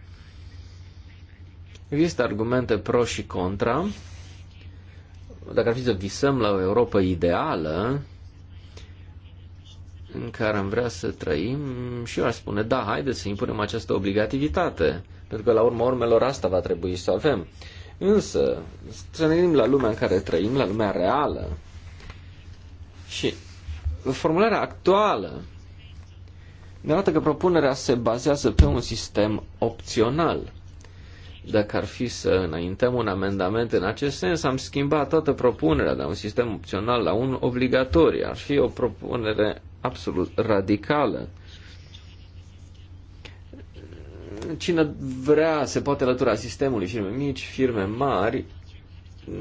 Există argumente pro și contra. Dacă ar fi să visăm la o Europa ideală, în care am vrea să trăim și eu aș spune, da, haideți să impunem această obligativitate, pentru că la urma urmelor asta va trebui să avem. Însă, să ne gândim la lumea în care trăim, la lumea reală. Și formularea actuală ne arată că propunerea se bazează pe un sistem opțional. Dacă ar fi să înaintăm un amendament în acest sens, am schimbat toată propunerea de un sistem opțional la un obligatoriu. Ar fi o propunere absolut radicală. Cine vrea se poate alătura sistemului firme mici, firme mari,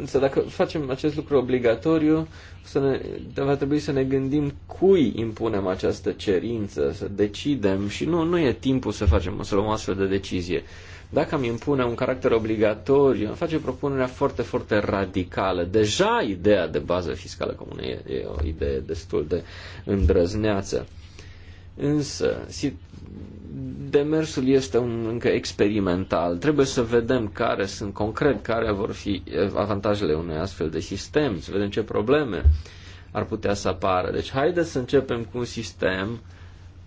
Însă dacă facem acest lucru obligatoriu, să ne, va trebui să ne gândim cui impunem această cerință, să decidem și nu, nu e timpul să facem să luăm astfel de decizie. Dacă mi impune un caracter obligatoriu, îmi face propunerea foarte, foarte radicală. Deja ideea de bază fiscală comună e, e o idee destul de îndrăzneață. Însă, demersul este un, încă experimental. Trebuie să vedem care sunt concret, care vor fi avantajele unui astfel de sistem, să vedem ce probleme ar putea să apară. Deci, haideți să începem cu un sistem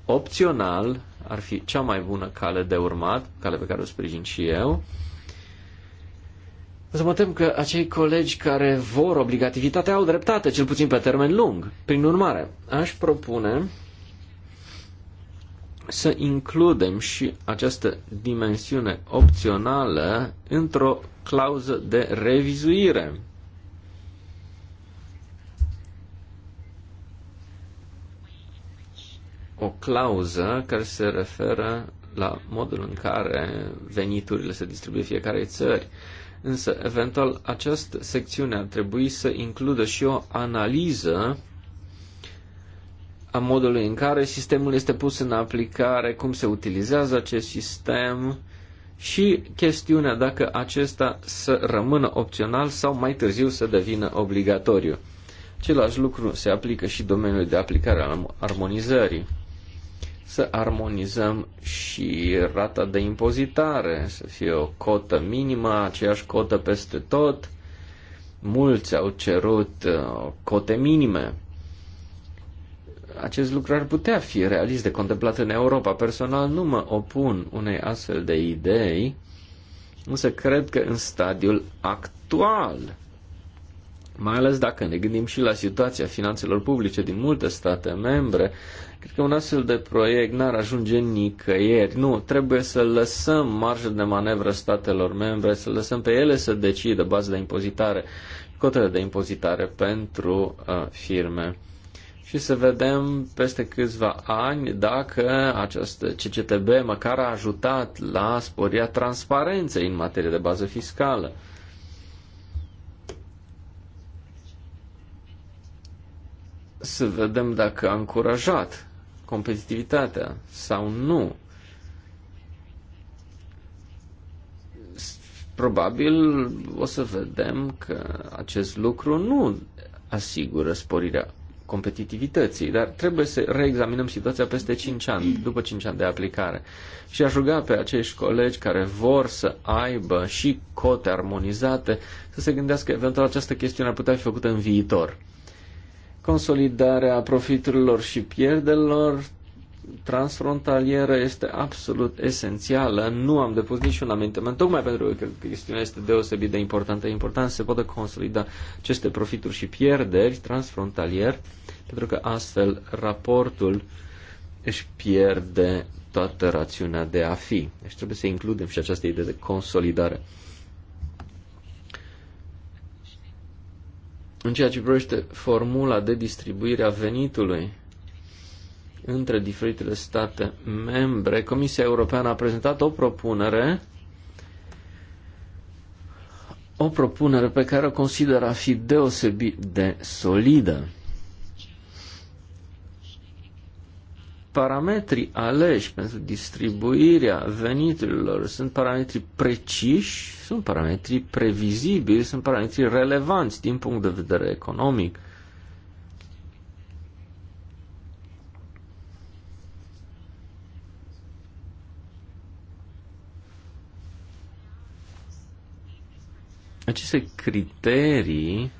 opțional ar fi cea mai bună cale de urmat, cale pe care o sprijin și eu. Să mă tem că acei colegi care vor obligativitatea au dreptate, cel puțin pe termen lung. Prin urmare, aș propune să includem și această dimensiune opțională într-o clauză de revizuire o clauză care se referă la modul în care veniturile se distribuie fiecarei țări. Însă, eventual, această secțiune ar trebui să includă și o analiză a modului în care sistemul este pus în aplicare, cum se utilizează acest sistem și chestiunea dacă acesta să rămână opțional sau mai târziu să devină obligatoriu. Același lucru se aplică și domeniului de aplicare al armonizării să armonizăm și rata de impozitare, să fie o cotă minimă, aceeași cotă peste tot. Mulți au cerut uh, cote minime. Acest lucru ar putea fi realist de contemplat în Europa. Personal nu mă opun unei astfel de idei, însă cred că în stadiul actual, mai ales dacă ne gândim și la situația finanțelor publice din multe state membre, Cred că un astfel de proiect n-ar ajunge nicăieri. Nu, trebuie să lăsăm marjă de manevră statelor membre, să lăsăm pe ele să decidă baza de impozitare, cotele de impozitare pentru uh, firme. Și să vedem peste câțiva ani dacă această CCTB măcar a ajutat la sporirea transparenței în materie de bază fiscală. să vedem dacă a încurajat competitivitatea sau nu. Probabil o să vedem că acest lucru nu asigură sporirea competitivității, dar trebuie să reexaminăm situația peste 5 ani, după 5 ani de aplicare. Și aș ruga pe acești colegi care vor să aibă și cote armonizate să se gândească eventual această chestiune ar putea fi făcută în viitor. Consolidarea profiturilor și pierderilor transfrontalieră este absolut esențială. Nu am depus niciun amendament, tocmai pentru că chestiunea este deosebit de importantă. E important să se poată consolida aceste profituri și pierderi transfrontalier, pentru că astfel raportul își pierde toată rațiunea de a fi. Deci trebuie să includem și această idee de consolidare. în ceea ce privește formula de distribuire a venitului între diferitele state membre, Comisia Europeană a prezentat o propunere o propunere pe care o consideră a fi deosebit de solidă. parametrii aleși pentru distribuirea veniturilor sunt parametri preciși, sunt parametri previzibili, sunt parametri relevanți din punct de vedere economic. Aceste criterii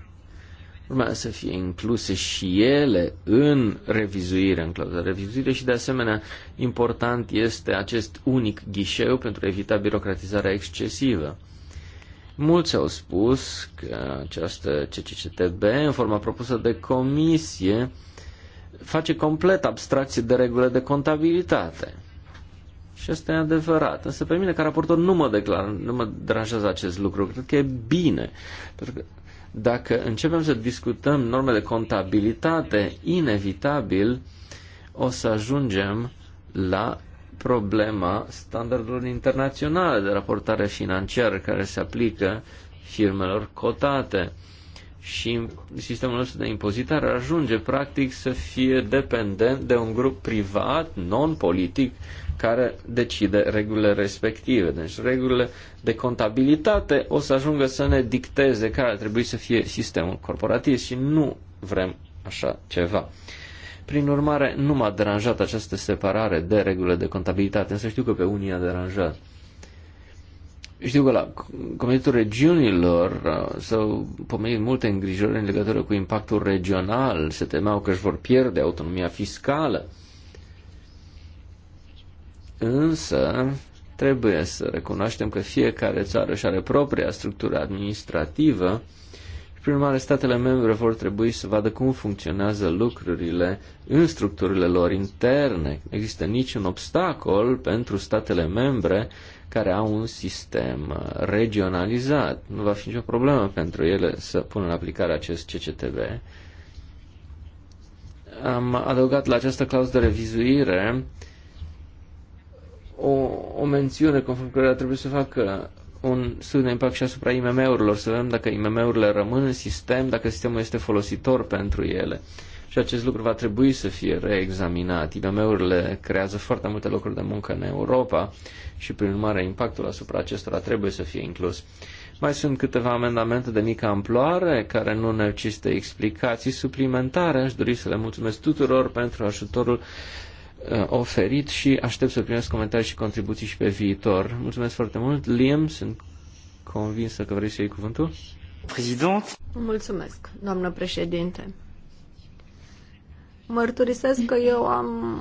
urmează să fie incluse și ele în revizuire, în clauza revizuire și de asemenea important este acest unic ghișeu pentru a evita birocratizarea excesivă. Mulți au spus că această CCCTB, în forma propusă de comisie, face complet abstracție de regulile de contabilitate. Și asta e adevărat. Însă pe mine, ca raportor, nu mă declar, nu mă deranjează acest lucru. Cred că e bine. Pentru că dacă începem să discutăm norme de contabilitate, inevitabil o să ajungem la problema standardelor internaționale de raportare financiară care se aplică firmelor cotate și sistemul nostru de impozitare ajunge practic să fie dependent de un grup privat, non-politic, care decide regulile respective. Deci regulile de contabilitate o să ajungă să ne dicteze care ar trebui să fie sistemul corporativ și nu vrem așa ceva. Prin urmare, nu m-a deranjat această separare de regulile de contabilitate, însă știu că pe unii a deranjat. Știu că la Comitetul Regiunilor uh, s-au pomenit multe îngrijorări în legătură cu impactul regional, se temeau că își vor pierde autonomia fiscală. Însă, trebuie să recunoaștem că fiecare țară își are propria structură administrativă și, prin urmare, statele membre vor trebui să vadă cum funcționează lucrurile în structurile lor interne. Există niciun obstacol pentru statele membre care au un sistem uh, regionalizat. Nu va fi nicio problemă pentru ele să pună în aplicare acest CCTB. Am adăugat la această clauză de revizuire o, o mențiune conform care trebuie să facă un studiu de impact și asupra IMM-urilor, să vedem dacă IMM-urile rămân în sistem, dacă sistemul este folositor pentru ele și acest lucru va trebui să fie reexaminat. IMM-urile creează foarte multe locuri de muncă în Europa și, prin urmare, impactul asupra acestora trebuie să fie inclus. Mai sunt câteva amendamente de mică amploare care nu necesită explicații suplimentare. Aș dori să le mulțumesc tuturor pentru ajutorul uh, oferit și aștept să primesc comentarii și contribuții și pe viitor. Mulțumesc foarte mult. Liam, sunt convinsă că vrei să iei cuvântul. Președinte. Mulțumesc, doamnă președinte. Mărturisesc că eu am...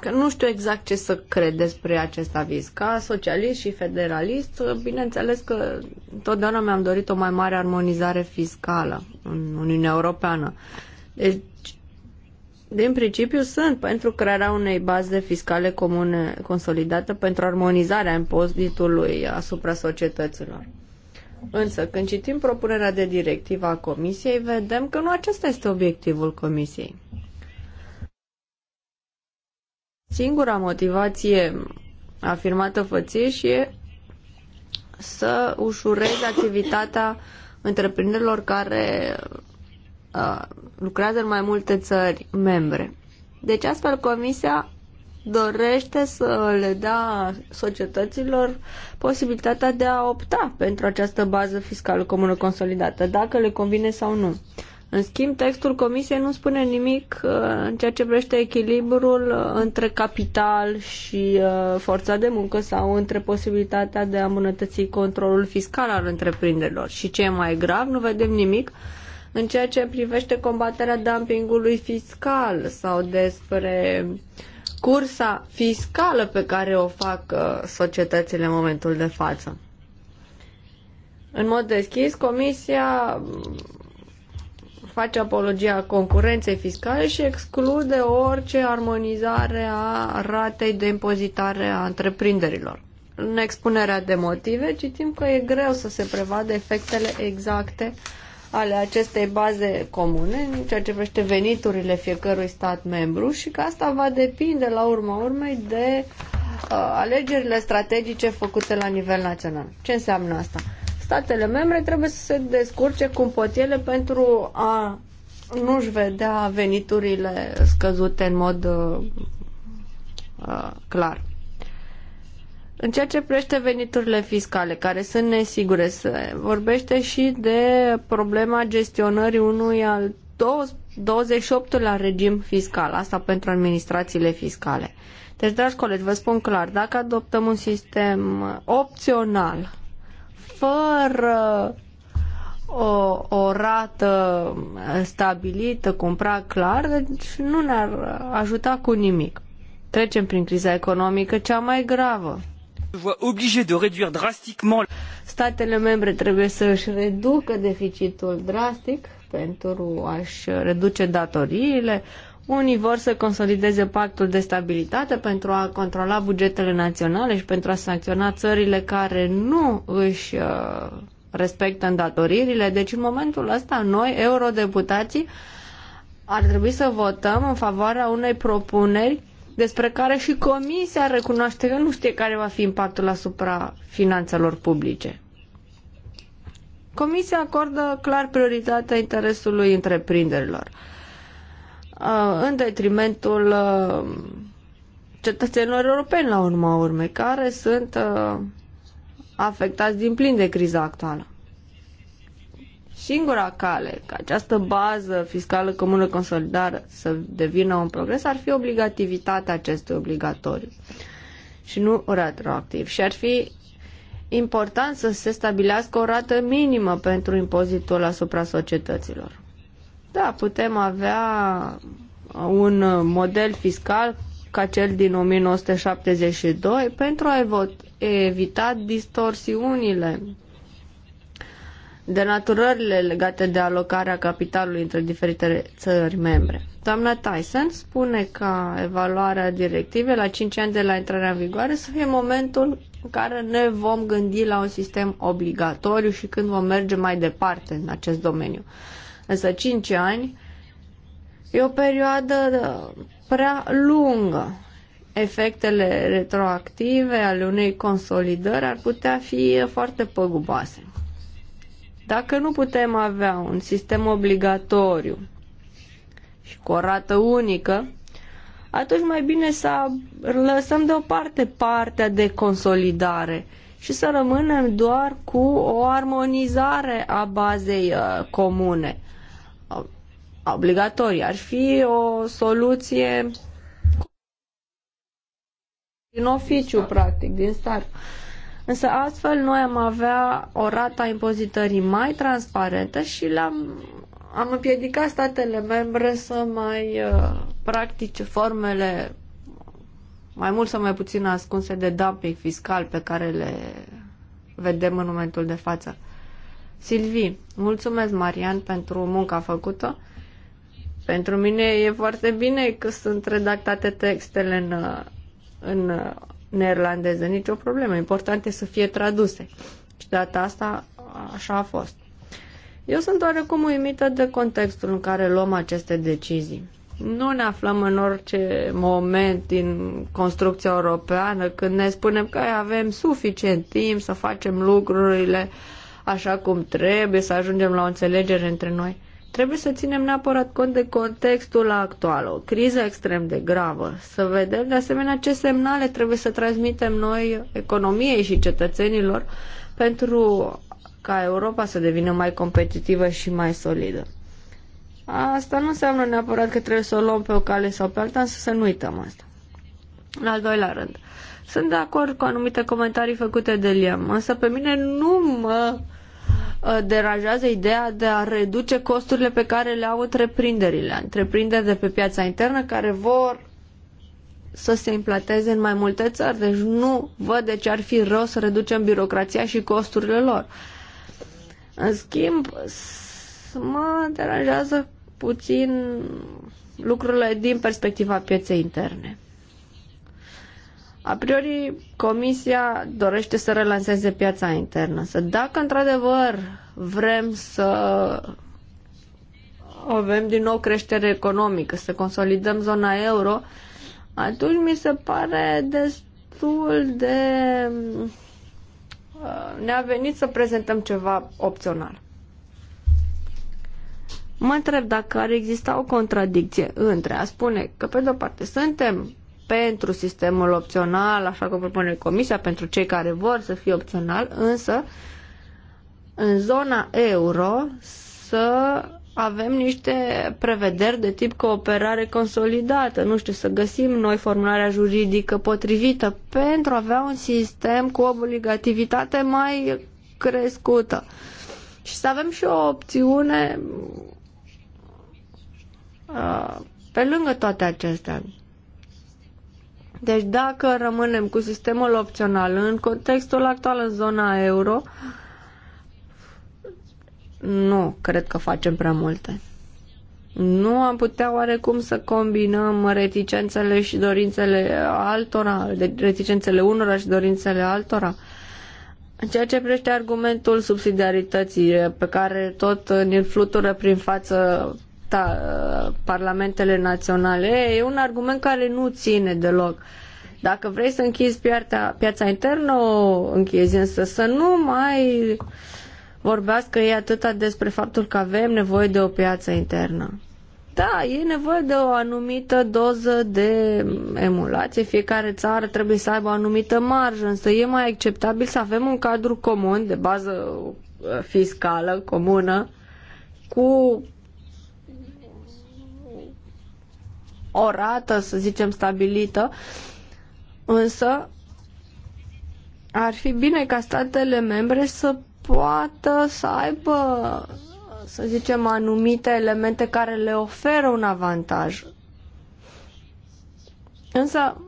că nu știu exact ce să cred despre acest aviz. Ca socialist și federalist, bineînțeles că totdeauna mi-am dorit o mai mare armonizare fiscală în Uniunea Europeană. Deci, din principiu sunt pentru crearea unei baze fiscale comune consolidată pentru armonizarea impozitului asupra societăților. Însă, când citim propunerea de directivă a Comisiei, vedem că nu acesta este obiectivul Comisiei. Singura motivație afirmată și e să ușureze activitatea întreprinderilor care uh, lucrează în mai multe țări membre. Deci astfel Comisia dorește să le dea societăților posibilitatea de a opta pentru această bază fiscală comună consolidată, dacă le convine sau nu. În schimb, textul Comisiei nu spune nimic uh, în ceea ce privește echilibrul uh, între capital și uh, forța de muncă sau între posibilitatea de a îmbunătăți controlul fiscal al întreprinderilor. Și ce e mai grav, nu vedem nimic în ceea ce privește combaterea dumpingului fiscal sau despre uh, cursa fiscală pe care o fac uh, societățile în momentul de față. În mod deschis, Comisia mm, face apologia concurenței fiscale și exclude orice armonizare a ratei de impozitare a întreprinderilor. În expunerea de motive citim că e greu să se prevadă efectele exacte ale acestei baze comune în ceea ce privește veniturile fiecărui stat membru și că asta va depinde la urma urmei de uh, alegerile strategice făcute la nivel național. Ce înseamnă asta? Statele membre trebuie să se descurce cum pot ele pentru a nu-și vedea veniturile scăzute în mod uh, uh clar. În ceea ce privește veniturile fiscale, care sunt nesigure, se vorbește și de problema gestionării unui al 28-lea regim fiscal, asta pentru administrațiile fiscale. Deci, dragi colegi, vă spun clar, dacă adoptăm un sistem opțional, fără o, o rată stabilită, cu un prag clar, deci nu ne-ar ajuta cu nimic. Trecem prin criza economică cea mai gravă Statele membre trebuie să își reducă deficitul drastic pentru a-și reduce datoriile. Unii vor să consolideze pactul de stabilitate pentru a controla bugetele naționale și pentru a sancționa țările care nu își uh, respectă îndatoririle. Deci în momentul ăsta noi, eurodeputații, ar trebui să votăm în favoarea unei propuneri despre care și Comisia recunoaște că nu știe care va fi impactul asupra finanțelor publice. Comisia acordă clar prioritatea interesului întreprinderilor uh, în detrimentul uh, cetățenilor europeni, la urma urmei, care sunt uh, afectați din plin de criza actuală. Singura cale ca această bază fiscală comună consolidată să devină un progres ar fi obligativitatea acestui obligatoriu și nu retroactiv. Și ar fi important să se stabilească o rată minimă pentru impozitul asupra societăților. Da, putem avea un model fiscal ca cel din 1972 pentru a evita distorsiunile denaturările legate de alocarea capitalului între diferite țări membre. Doamna Tyson spune că evaluarea directivei la 5 ani de la intrarea în vigoare să fie momentul în care ne vom gândi la un sistem obligatoriu și când vom merge mai departe în acest domeniu. Însă 5 ani e o perioadă prea lungă. Efectele retroactive ale unei consolidări ar putea fi foarte păguboase. Dacă nu putem avea un sistem obligatoriu și cu o rată unică, atunci mai bine să lăsăm deoparte partea de consolidare și să rămânem doar cu o armonizare a bazei uh, comune uh, obligatorii. Ar fi o soluție din oficiu, practic, din start. Însă astfel noi am avea o rata impozitării mai transparentă și l-am am împiedicat statele membre să mai uh, practice formele mai mult sau mai puțin ascunse de dumping fiscal pe care le vedem în momentul de față. Silvi, mulțumesc, Marian, pentru munca făcută. Pentru mine e foarte bine că sunt redactate textele în, în neerlandeză, nicio problemă. Important e să fie traduse. Și data asta așa a fost. Eu sunt oarecum uimită de contextul în care luăm aceste decizii. Nu ne aflăm în orice moment din construcția europeană când ne spunem că avem suficient timp să facem lucrurile așa cum trebuie, să ajungem la o înțelegere între noi. Trebuie să ținem neapărat cont de contextul actual, o criză extrem de gravă, să vedem de asemenea ce semnale trebuie să transmitem noi economiei și cetățenilor pentru ca Europa să devină mai competitivă și mai solidă. Asta nu înseamnă neapărat că trebuie să o luăm pe o cale sau pe alta, însă să nu uităm asta. În al doilea rând, sunt de acord cu anumite comentarii făcute de Liam, însă pe mine nu mă uh, Uh, deranjează ideea de a reduce costurile pe care le au întreprinderile, întreprinderi de pe piața internă care vor să se implanteze în mai multe țări. Deci nu văd de ce ar fi rău să reducem birocrația și costurile lor. În schimb, mă deranjează puțin lucrurile din perspectiva pieței interne. A priori, Comisia dorește să relanseze piața internă. Să dacă într-adevăr vrem să avem din nou creștere economică, să consolidăm zona euro, atunci mi se pare destul de uh, ne-a venit să prezentăm ceva opțional. Mă întreb dacă ar exista o contradicție între a spune că, pe de-o parte, suntem pentru sistemul opțional, așa cum propune Comisia, pentru cei care vor să fie opțional, însă în zona euro să avem niște prevederi de tip cooperare consolidată, nu știu, să găsim noi formularea juridică potrivită pentru a avea un sistem cu obligativitate mai crescută. Și să avem și o opțiune uh, pe lângă toate acestea. Deci dacă rămânem cu sistemul opțional în contextul actual în zona euro, nu cred că facem prea multe. Nu am putea oarecum să combinăm reticențele și dorințele altora, reticențele unora și dorințele altora. În ceea ce privește argumentul subsidiarității pe care tot ne flutură prin față parlamentele naționale, e un argument care nu ține deloc. Dacă vrei să închizi piața, piața internă, o închizi, însă să nu mai vorbească ei atâta despre faptul că avem nevoie de o piață internă. Da, e nevoie de o anumită doză de emulație. Fiecare țară trebuie să aibă o anumită marjă, însă e mai acceptabil să avem un cadru comun de bază uh, fiscală comună cu o rată, să zicem, stabilită, însă ar fi bine ca statele membre să poată să aibă, să zicem, anumite elemente care le oferă un avantaj. Însă,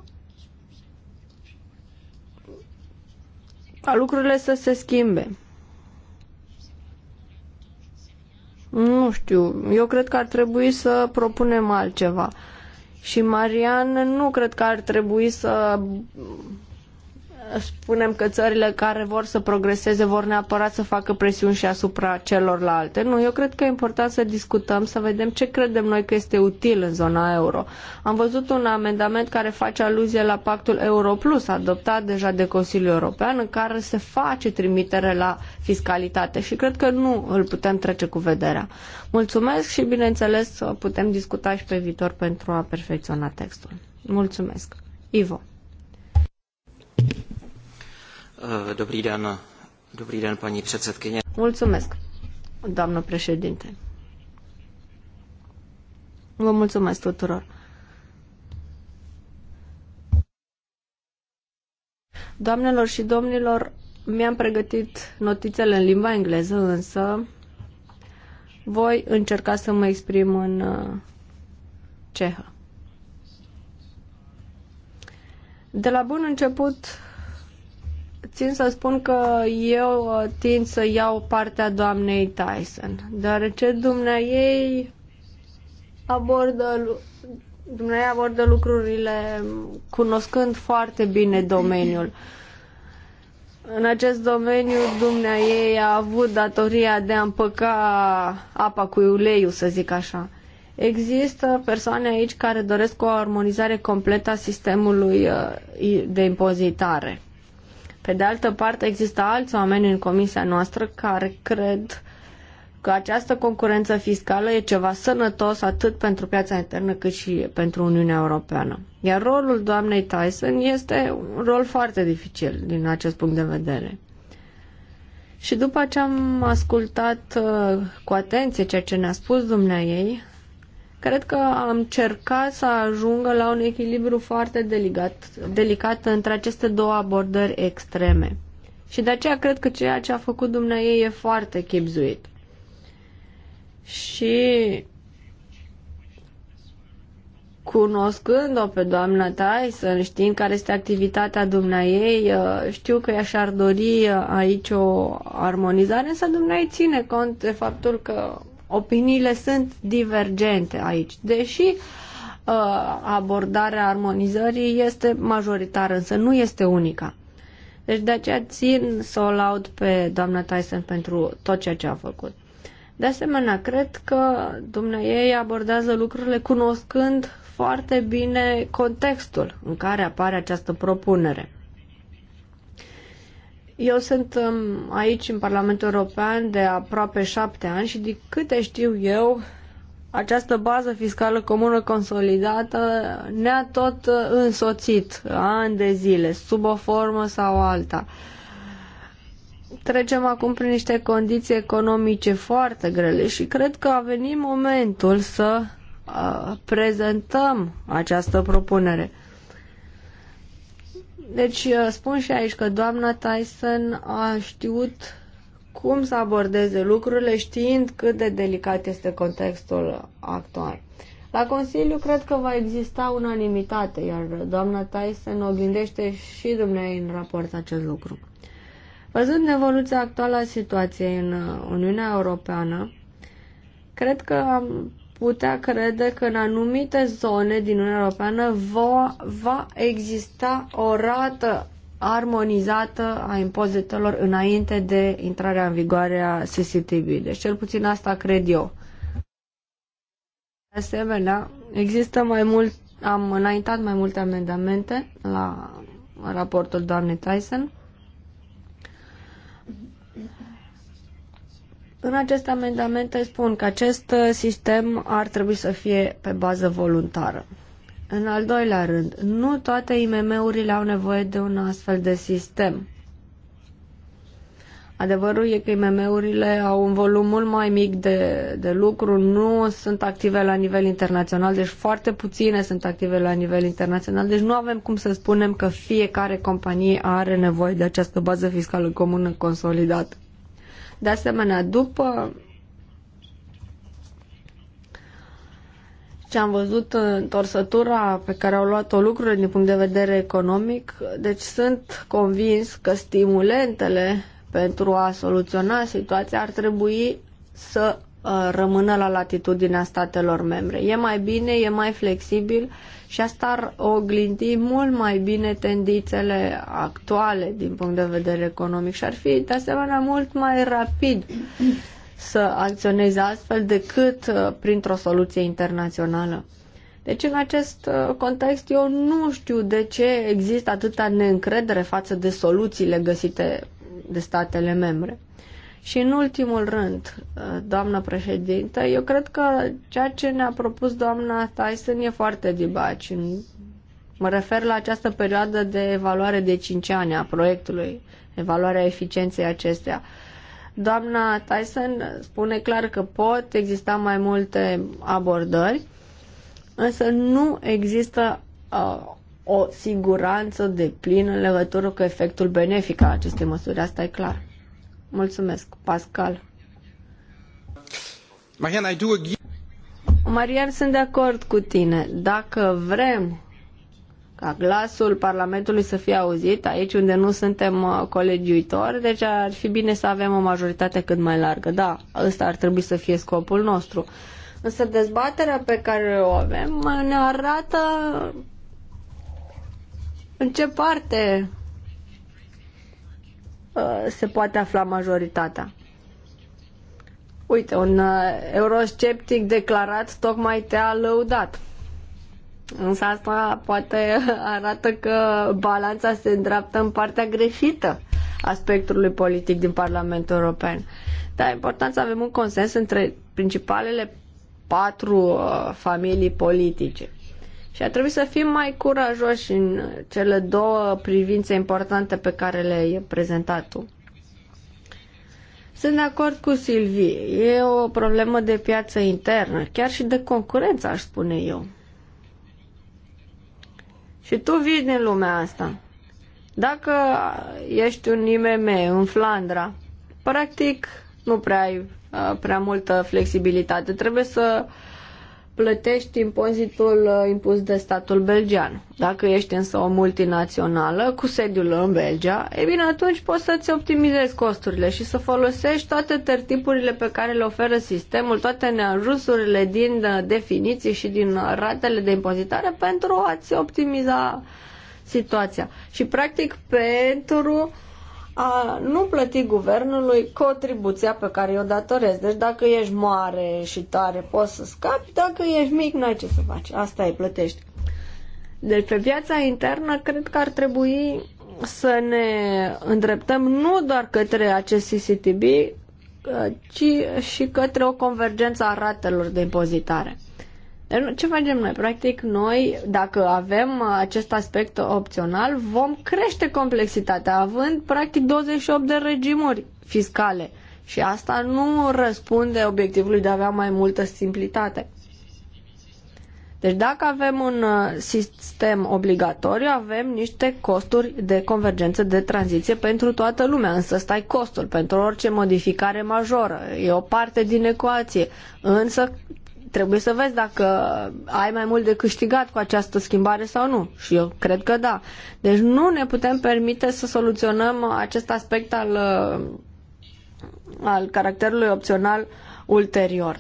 ca lucrurile să se schimbe. Nu știu, eu cred că ar trebui să propunem altceva. Și Marian nu cred că ar trebui să spunem că țările care vor să progreseze vor neapărat să facă presiuni și asupra celorlalte. Nu, eu cred că e important să discutăm, să vedem ce credem noi că este util în zona euro. Am văzut un amendament care face aluzie la pactul Euro Plus, adoptat deja de Consiliul European, în care se face trimitere la fiscalitate și cred că nu îl putem trece cu vederea. Mulțumesc și, bineînțeles, putem discuta și pe viitor pentru a perfecționa textul. Mulțumesc. Ivo. Eh, dobrý den, dobrý den, paní předsedkyně. Mulțumesc, doamnă președinte. Vă mulțumesc tuturor. Doamnelor și domnilor, mi-am pregătit notițele în limba engleză, însă voi încerca să mă exprim în eh, cehă. De la bun început Țin să spun că eu uh, tind să iau partea doamnei Tyson, deoarece ce ei abordă, dumnea abordă lucrurile cunoscând foarte bine domeniul. În acest domeniu, dumneai a avut datoria de a împăca apa cu uleiul, să zic așa. Există persoane aici care doresc o armonizare completă a sistemului uh, de impozitare. Pe de altă parte, există alți oameni în comisia noastră care cred că această concurență fiscală e ceva sănătos atât pentru piața internă cât și pentru Uniunea Europeană. Iar rolul doamnei Tyson este un rol foarte dificil din acest punct de vedere. Și după ce am ascultat uh, cu atenție ceea ce ne-a spus dumnea ei, Cred că am încercat să ajungă la un echilibru foarte delicat, delicat între aceste două abordări extreme. Și de aceea cred că ceea ce a făcut dumneai e foarte chipzuit. Și cunoscând-o pe doamna Tyson, știind care este activitatea dumneai, știu că ea și-ar dori aici o armonizare, însă dumneai ține cont de faptul că opiniile sunt divergente aici, deși uh, abordarea armonizării este majoritară, însă nu este unica. Deci de aceea țin să o laud pe doamna Tyson pentru tot ceea ce a făcut. De asemenea, cred că ei abordează lucrurile cunoscând foarte bine contextul în care apare această propunere. Eu sunt um, aici în Parlamentul European de aproape șapte ani și de câte știu eu, această bază fiscală comună consolidată ne-a tot uh, însoțit ani de zile, sub o formă sau alta. Trecem acum prin niște condiții economice foarte grele și cred că a venit momentul să uh, prezentăm această propunere. Deci uh, spun și aici că doamna Tyson a știut cum să abordeze lucrurile știind cât de delicat este contextul actual. La Consiliu cred că va exista unanimitate, iar doamna Tyson o gândește și dumneavoastră în raport acest lucru. Văzând evoluția actuală a situației în Uniunea Europeană, cred că am putea crede că în anumite zone din Uniunea Europeană va, va exista o rată armonizată a impozitelor înainte de intrarea în vigoare a CCTV. Deci cel puțin asta cred eu. De asemenea, există mai mult, am înaintat mai multe amendamente la raportul doamnei Tyson. În acest amendament spun că acest uh, sistem ar trebui să fie pe bază voluntară. În al doilea rând, nu toate IMM-urile au nevoie de un astfel de sistem. Adevărul e că IMM-urile au un volum mult mai mic de, de lucru, nu sunt active la nivel internațional, deci foarte puține sunt active la nivel internațional, deci nu avem cum să spunem că fiecare companie are nevoie de această bază fiscală comună consolidată. De asemenea, după ce am văzut întorsătura pe care au luat-o lucrurile din punct de vedere economic, deci sunt convins că stimulentele pentru a soluționa situația ar trebui să Uh, rămână la latitudinea statelor membre. E mai bine, e mai flexibil și asta ar oglindi mult mai bine tendințele actuale din punct de vedere economic și ar fi de asemenea mult mai rapid să acționeze astfel decât uh, printr-o soluție internațională. Deci în acest uh, context eu nu știu de ce există atâta neîncredere față de soluțiile găsite de statele membre. Și în ultimul rând, uh, doamnă președintă, eu cred că ceea ce ne-a propus doamna Tyson e foarte dibaci. Mă refer la această perioadă de evaluare de 5 ani a proiectului, evaluarea eficienței acestea. Doamna Tyson spune clar că pot exista mai multe abordări, însă nu există uh, o siguranță de plină în legătură cu efectul benefic al acestei măsuri. Asta e clar. Mulțumesc, Pascal. Marian, I do Marian, sunt de acord cu tine. Dacă vrem ca glasul Parlamentului să fie auzit aici unde nu suntem uh, colegiuitori, deci ar fi bine să avem o majoritate cât mai largă. Da, ăsta ar trebui să fie scopul nostru. Însă dezbaterea pe care o avem ne arată în ce parte Uh, se poate afla majoritatea. Uite, un uh, eurosceptic declarat tocmai te-a lăudat. Însă asta poate arată că balanța se îndreaptă în partea greșită a spectrului politic din Parlamentul European. Dar e important să avem un consens între principalele patru uh, familii politice. Și a trebuit să fim mai curajoși în cele două privințe importante pe care le-ai prezentat tu. Sunt de acord cu Silvie. E o problemă de piață internă, chiar și de concurență, aș spune eu. Și tu vii din lumea asta. Dacă ești un IMM în Flandra, practic nu prea ai uh, prea multă flexibilitate. Trebuie să uh, plătești impozitul uh, impus de statul belgian. Dacă ești însă o multinațională cu sediul în Belgia, e bine, atunci poți să-ți optimizezi costurile și să folosești toate tertipurile pe care le oferă sistemul, toate neajunsurile din uh, definiții și din uh, ratele de impozitare pentru a-ți optimiza situația. Și practic pentru uh, a nu plăti guvernului contribuția pe care o datorez. Deci dacă ești mare și tare, poți să scapi, dacă ești mic, n-ai ce să faci. Asta e, plătești. Deci pe piața internă cred că ar trebui să ne îndreptăm nu doar către acest CCTB, ci și către o convergență a ratelor de impozitare. Ce facem noi? Practic, noi, dacă avem uh, acest aspect opțional, vom crește complexitatea, având practic 28 de regimuri fiscale. Și asta nu răspunde obiectivului de a avea mai multă simplitate. Deci dacă avem un uh, sistem obligatoriu, avem niște costuri de convergență, de tranziție pentru toată lumea, însă stai costul pentru orice modificare majoră. E o parte din ecuație, însă trebuie să vezi dacă ai mai mult de câștigat cu această schimbare sau nu. Și eu cred că da. Deci nu ne putem permite să soluționăm acest aspect al, al caracterului opțional ulterior.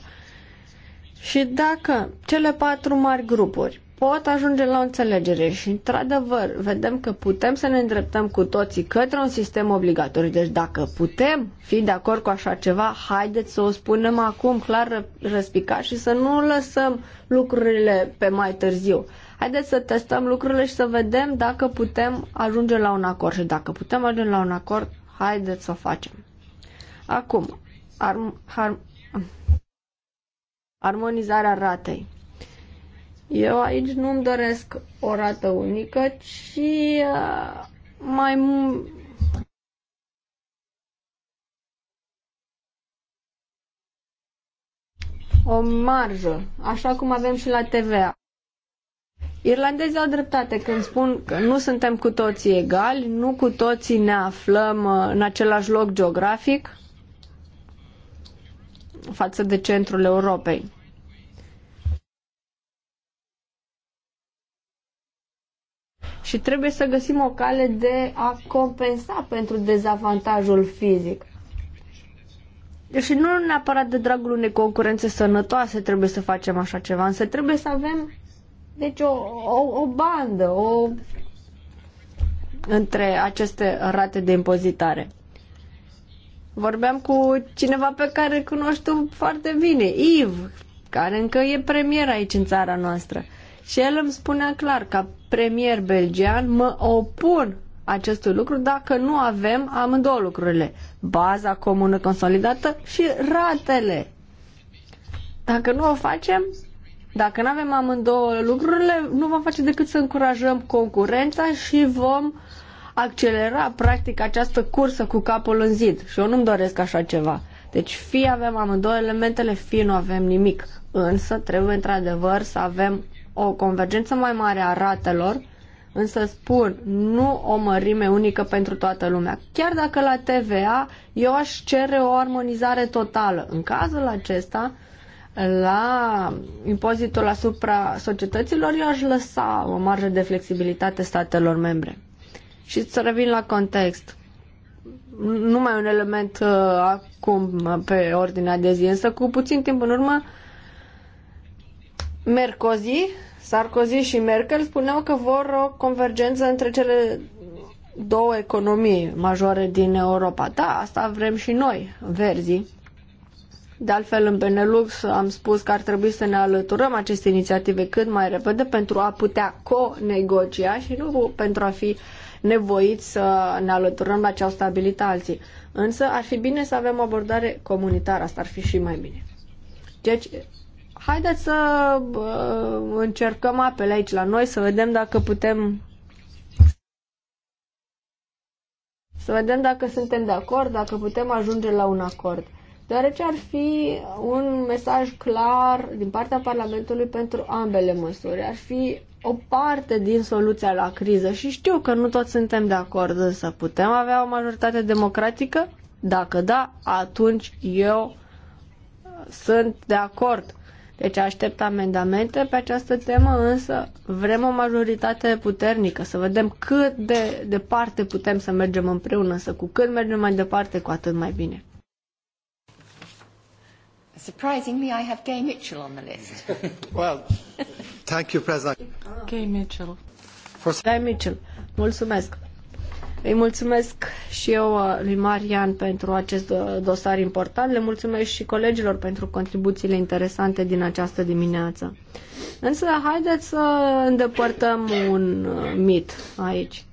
Și dacă cele patru mari grupuri pot ajunge la o înțelegere și, într-adevăr, vedem că putem să ne îndreptăm cu toții către un sistem obligatoriu. Deci, dacă putem fi de acord cu așa ceva, haideți să o spunem acum clar răspicat și să nu lăsăm lucrurile pe mai târziu. Haideți să testăm lucrurile și să vedem dacă putem ajunge la un acord. Și dacă putem ajunge la un acord, haideți să o facem. Acum, arm, har, armonizarea ratei. Eu aici nu-mi doresc o rată unică, ci uh, mai o marjă, așa cum avem și la TVA. Irlandezii au dreptate când spun că nu suntem cu toții egali, nu cu toții ne aflăm uh, în același loc geografic față de centrul Europei. și trebuie să găsim o cale de a compensa pentru dezavantajul fizic. Și nu neapărat de dragul unei concurențe sănătoase trebuie să facem așa ceva, însă trebuie să avem deci o, o, o bandă o... între aceste rate de impozitare. Vorbeam cu cineva pe care îl cunoștem foarte bine, Iv, care încă e premier aici în țara noastră. Și el îmi spunea clar că premier belgian, mă opun acestui lucru dacă nu avem amândouă lucrurile. Baza comună consolidată și ratele. Dacă nu o facem, dacă nu avem amândouă lucrurile, nu vom face decât să încurajăm concurența și vom accelera practic această cursă cu capul în zid. Și eu nu-mi doresc așa ceva. Deci fie avem amândouă elementele, fie nu avem nimic. Însă trebuie într-adevăr să avem o convergență mai mare a ratelor, însă spun, nu o mărime unică pentru toată lumea. Chiar dacă la TVA eu aș cere o armonizare totală. În cazul acesta, la impozitul asupra societăților, eu aș lăsa o marjă de flexibilitate statelor membre. Și să revin la context. nu mai un element uh, acum pe ordinea de zi, însă cu puțin timp în urmă uh, Mercozi, Sarkozy și Merkel spuneau că vor o convergență între cele două economii majore din Europa. Da, asta vrem și noi, verzii. De altfel, în Benelux am spus că ar trebui să ne alăturăm aceste inițiative cât mai repede pentru a putea co-negocia și nu pentru a fi nevoiți să ne alăturăm la ce au stabilit alții. Însă ar fi bine să avem o abordare comunitară, asta ar fi și mai bine. Deci, haideți să uh, încercăm apele aici la noi, să vedem dacă putem să vedem dacă suntem de acord, dacă putem ajunge la un acord. Deoarece ar fi un mesaj clar din partea Parlamentului pentru ambele măsuri. Ar fi o parte din soluția la criză și știu că nu toți suntem de acord, însă putem avea o majoritate democratică? Dacă da, atunci eu sunt de acord deci aștept amendamente pe această temă, însă vrem o majoritate puternică, să vedem cât de departe putem să mergem împreună, să cu cât mergem mai departe, cu atât mai bine. Surprisingly, I have Gay Mitchell on the list. well, thank you, President. Gay Mitchell. For... Gay Mitchell, mulțumesc. Îi mulțumesc și eu uh, lui Marian pentru acest uh, dosar important. Le mulțumesc și colegilor pentru contribuțiile interesante din această dimineață. Însă, haideți să îndepărtăm un uh, mit aici.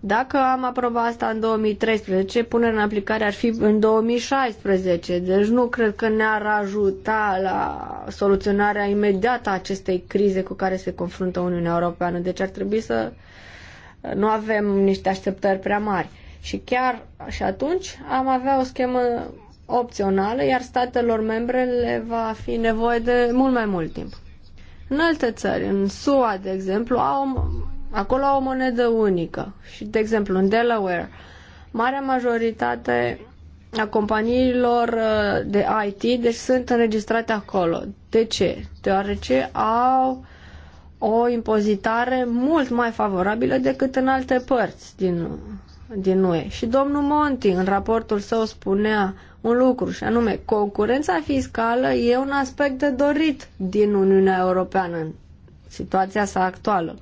Dacă am aprobat asta în 2013, punerea în aplicare ar fi în 2016, deci nu cred că ne-ar ajuta la soluționarea imediată a acestei crize cu care se confruntă Uniunea Europeană. Deci ar trebui să nu avem niște așteptări prea mari. Și chiar și atunci am avea o schemă opțională, iar statelor membre le va fi nevoie de mult mai mult timp. În alte țări, în SUA, de exemplu, au, acolo au o monedă unică. Și, de exemplu, în Delaware, marea majoritate a companiilor uh, de IT, deci sunt înregistrate acolo. De ce? Deoarece au o impozitare mult mai favorabilă decât în alte părți din, din UE. Și domnul Monti, în raportul său, spunea un lucru, și anume, concurența fiscală e un aspect de dorit din Uniunea Europeană în situația sa actuală.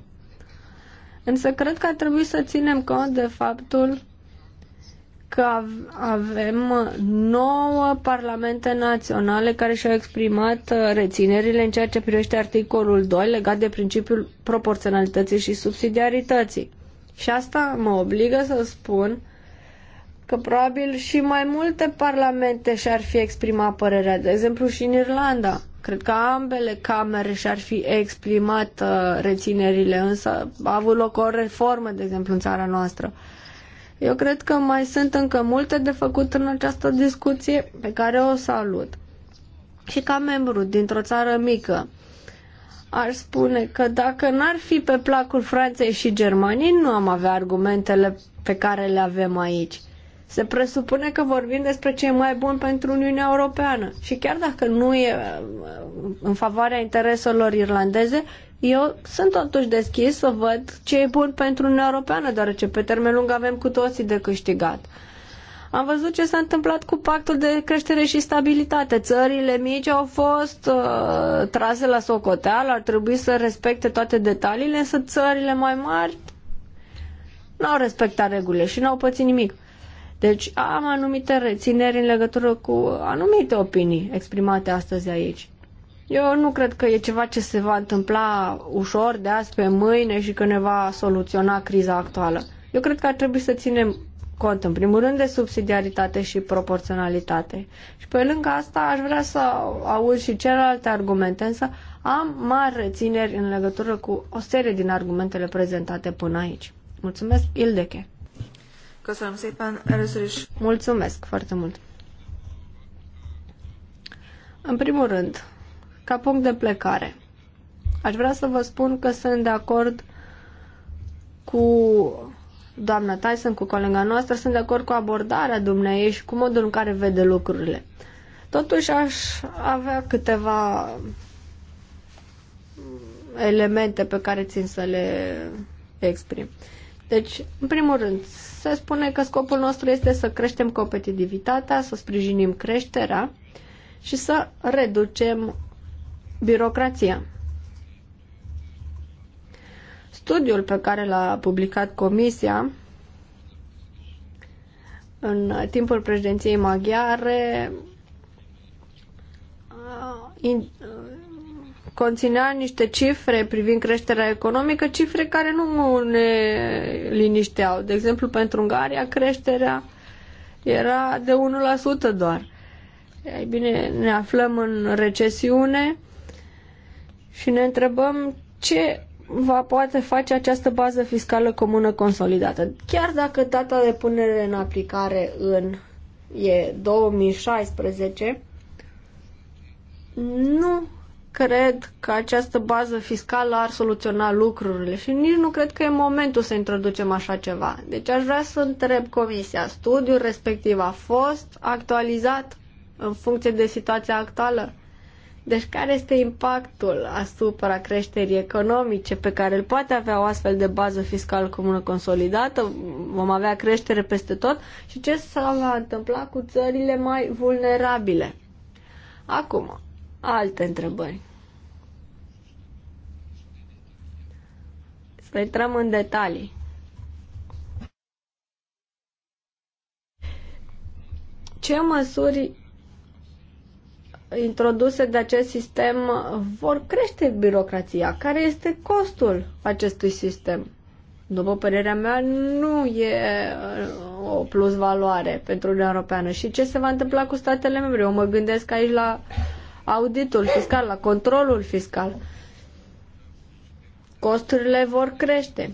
Însă cred că ar trebui să ținem cont de faptul că avem nouă parlamente naționale care și-au exprimat uh, reținerile în ceea ce privește articolul 2 legat de principiul proporționalității și subsidiarității. Și asta mă obligă să spun că probabil și mai multe parlamente și-ar fi exprimat părerea, de exemplu și în Irlanda. Cred că ambele camere și-ar fi exprimat uh, reținerile, însă a avut loc o reformă, de exemplu, în țara noastră. Eu cred că mai sunt încă multe de făcut în această discuție pe care o salut. Și ca membru dintr-o țară mică, aș spune că dacă n-ar fi pe placul Franței și Germaniei, nu am avea argumentele pe care le avem aici. Se presupune că vorbim despre ce e mai bun pentru Uniunea Europeană. Și chiar dacă nu e uh, în favoarea intereselor irlandeze, eu sunt totuși deschis să văd ce e bun pentru Uniunea Europeană, deoarece pe termen lung avem cu toții de câștigat. Am văzut ce s-a întâmplat cu pactul de creștere și stabilitate. Țările mici au fost uh, trase la socoteală, ar trebui să respecte toate detaliile, însă țările mai mari nu au respectat regulile și nu au pățit nimic. Deci am anumite rețineri în legătură cu anumite opinii exprimate astăzi aici. Eu nu cred că e ceva ce se va întâmpla ușor de azi pe mâine și că ne va soluționa criza actuală. Eu cred că ar trebui să ținem cont, în primul rând, de subsidiaritate și proporționalitate. Și pe lângă asta aș vrea să aud și celelalte argumente, însă am mari rețineri în legătură cu o serie din argumentele prezentate până aici. Mulțumesc, Ildeche! Mulțumesc foarte mult! În primul rând, ca punct de plecare, aș vrea să vă spun că sunt de acord cu doamna Tyson, cu colega noastră, sunt de acord cu abordarea dumneavoastră și cu modul în care vede lucrurile. Totuși aș avea câteva elemente pe care țin să le exprim. Deci, în primul rând, se spune că scopul nostru este să creștem competitivitatea, să sprijinim creșterea și să reducem birocrația. Studiul pe care l-a publicat Comisia în timpul președinției maghiare uh, uh, conținea niște cifre privind creșterea economică, cifre care nu ne linișteau. De exemplu, pentru Ungaria creșterea era de 1% doar. Ei bine, ne aflăm în recesiune și ne întrebăm ce va poate face această bază fiscală comună consolidată. Chiar dacă data de punere în aplicare în e 2016, nu cred că această bază fiscală ar soluționa lucrurile și nici nu cred că e momentul să introducem așa ceva. Deci aș vrea să întreb comisia, studiul respectiv a fost actualizat în funcție de situația actuală? Deci care este impactul asupra creșterii economice pe care îl poate avea o astfel de bază fiscală comună consolidată? Vom avea creștere peste tot și ce s-a întâmplat cu țările mai vulnerabile? Acum, alte întrebări. Să intrăm în detalii. Ce măsuri introduse de acest sistem vor crește birocrația. Care este costul acestui sistem? După părerea mea, nu e uh, o plus valoare pentru Uniunea Europeană. Și ce se va întâmpla cu statele membre? Eu mă gândesc aici la auditul fiscal, la controlul fiscal. Costurile vor crește.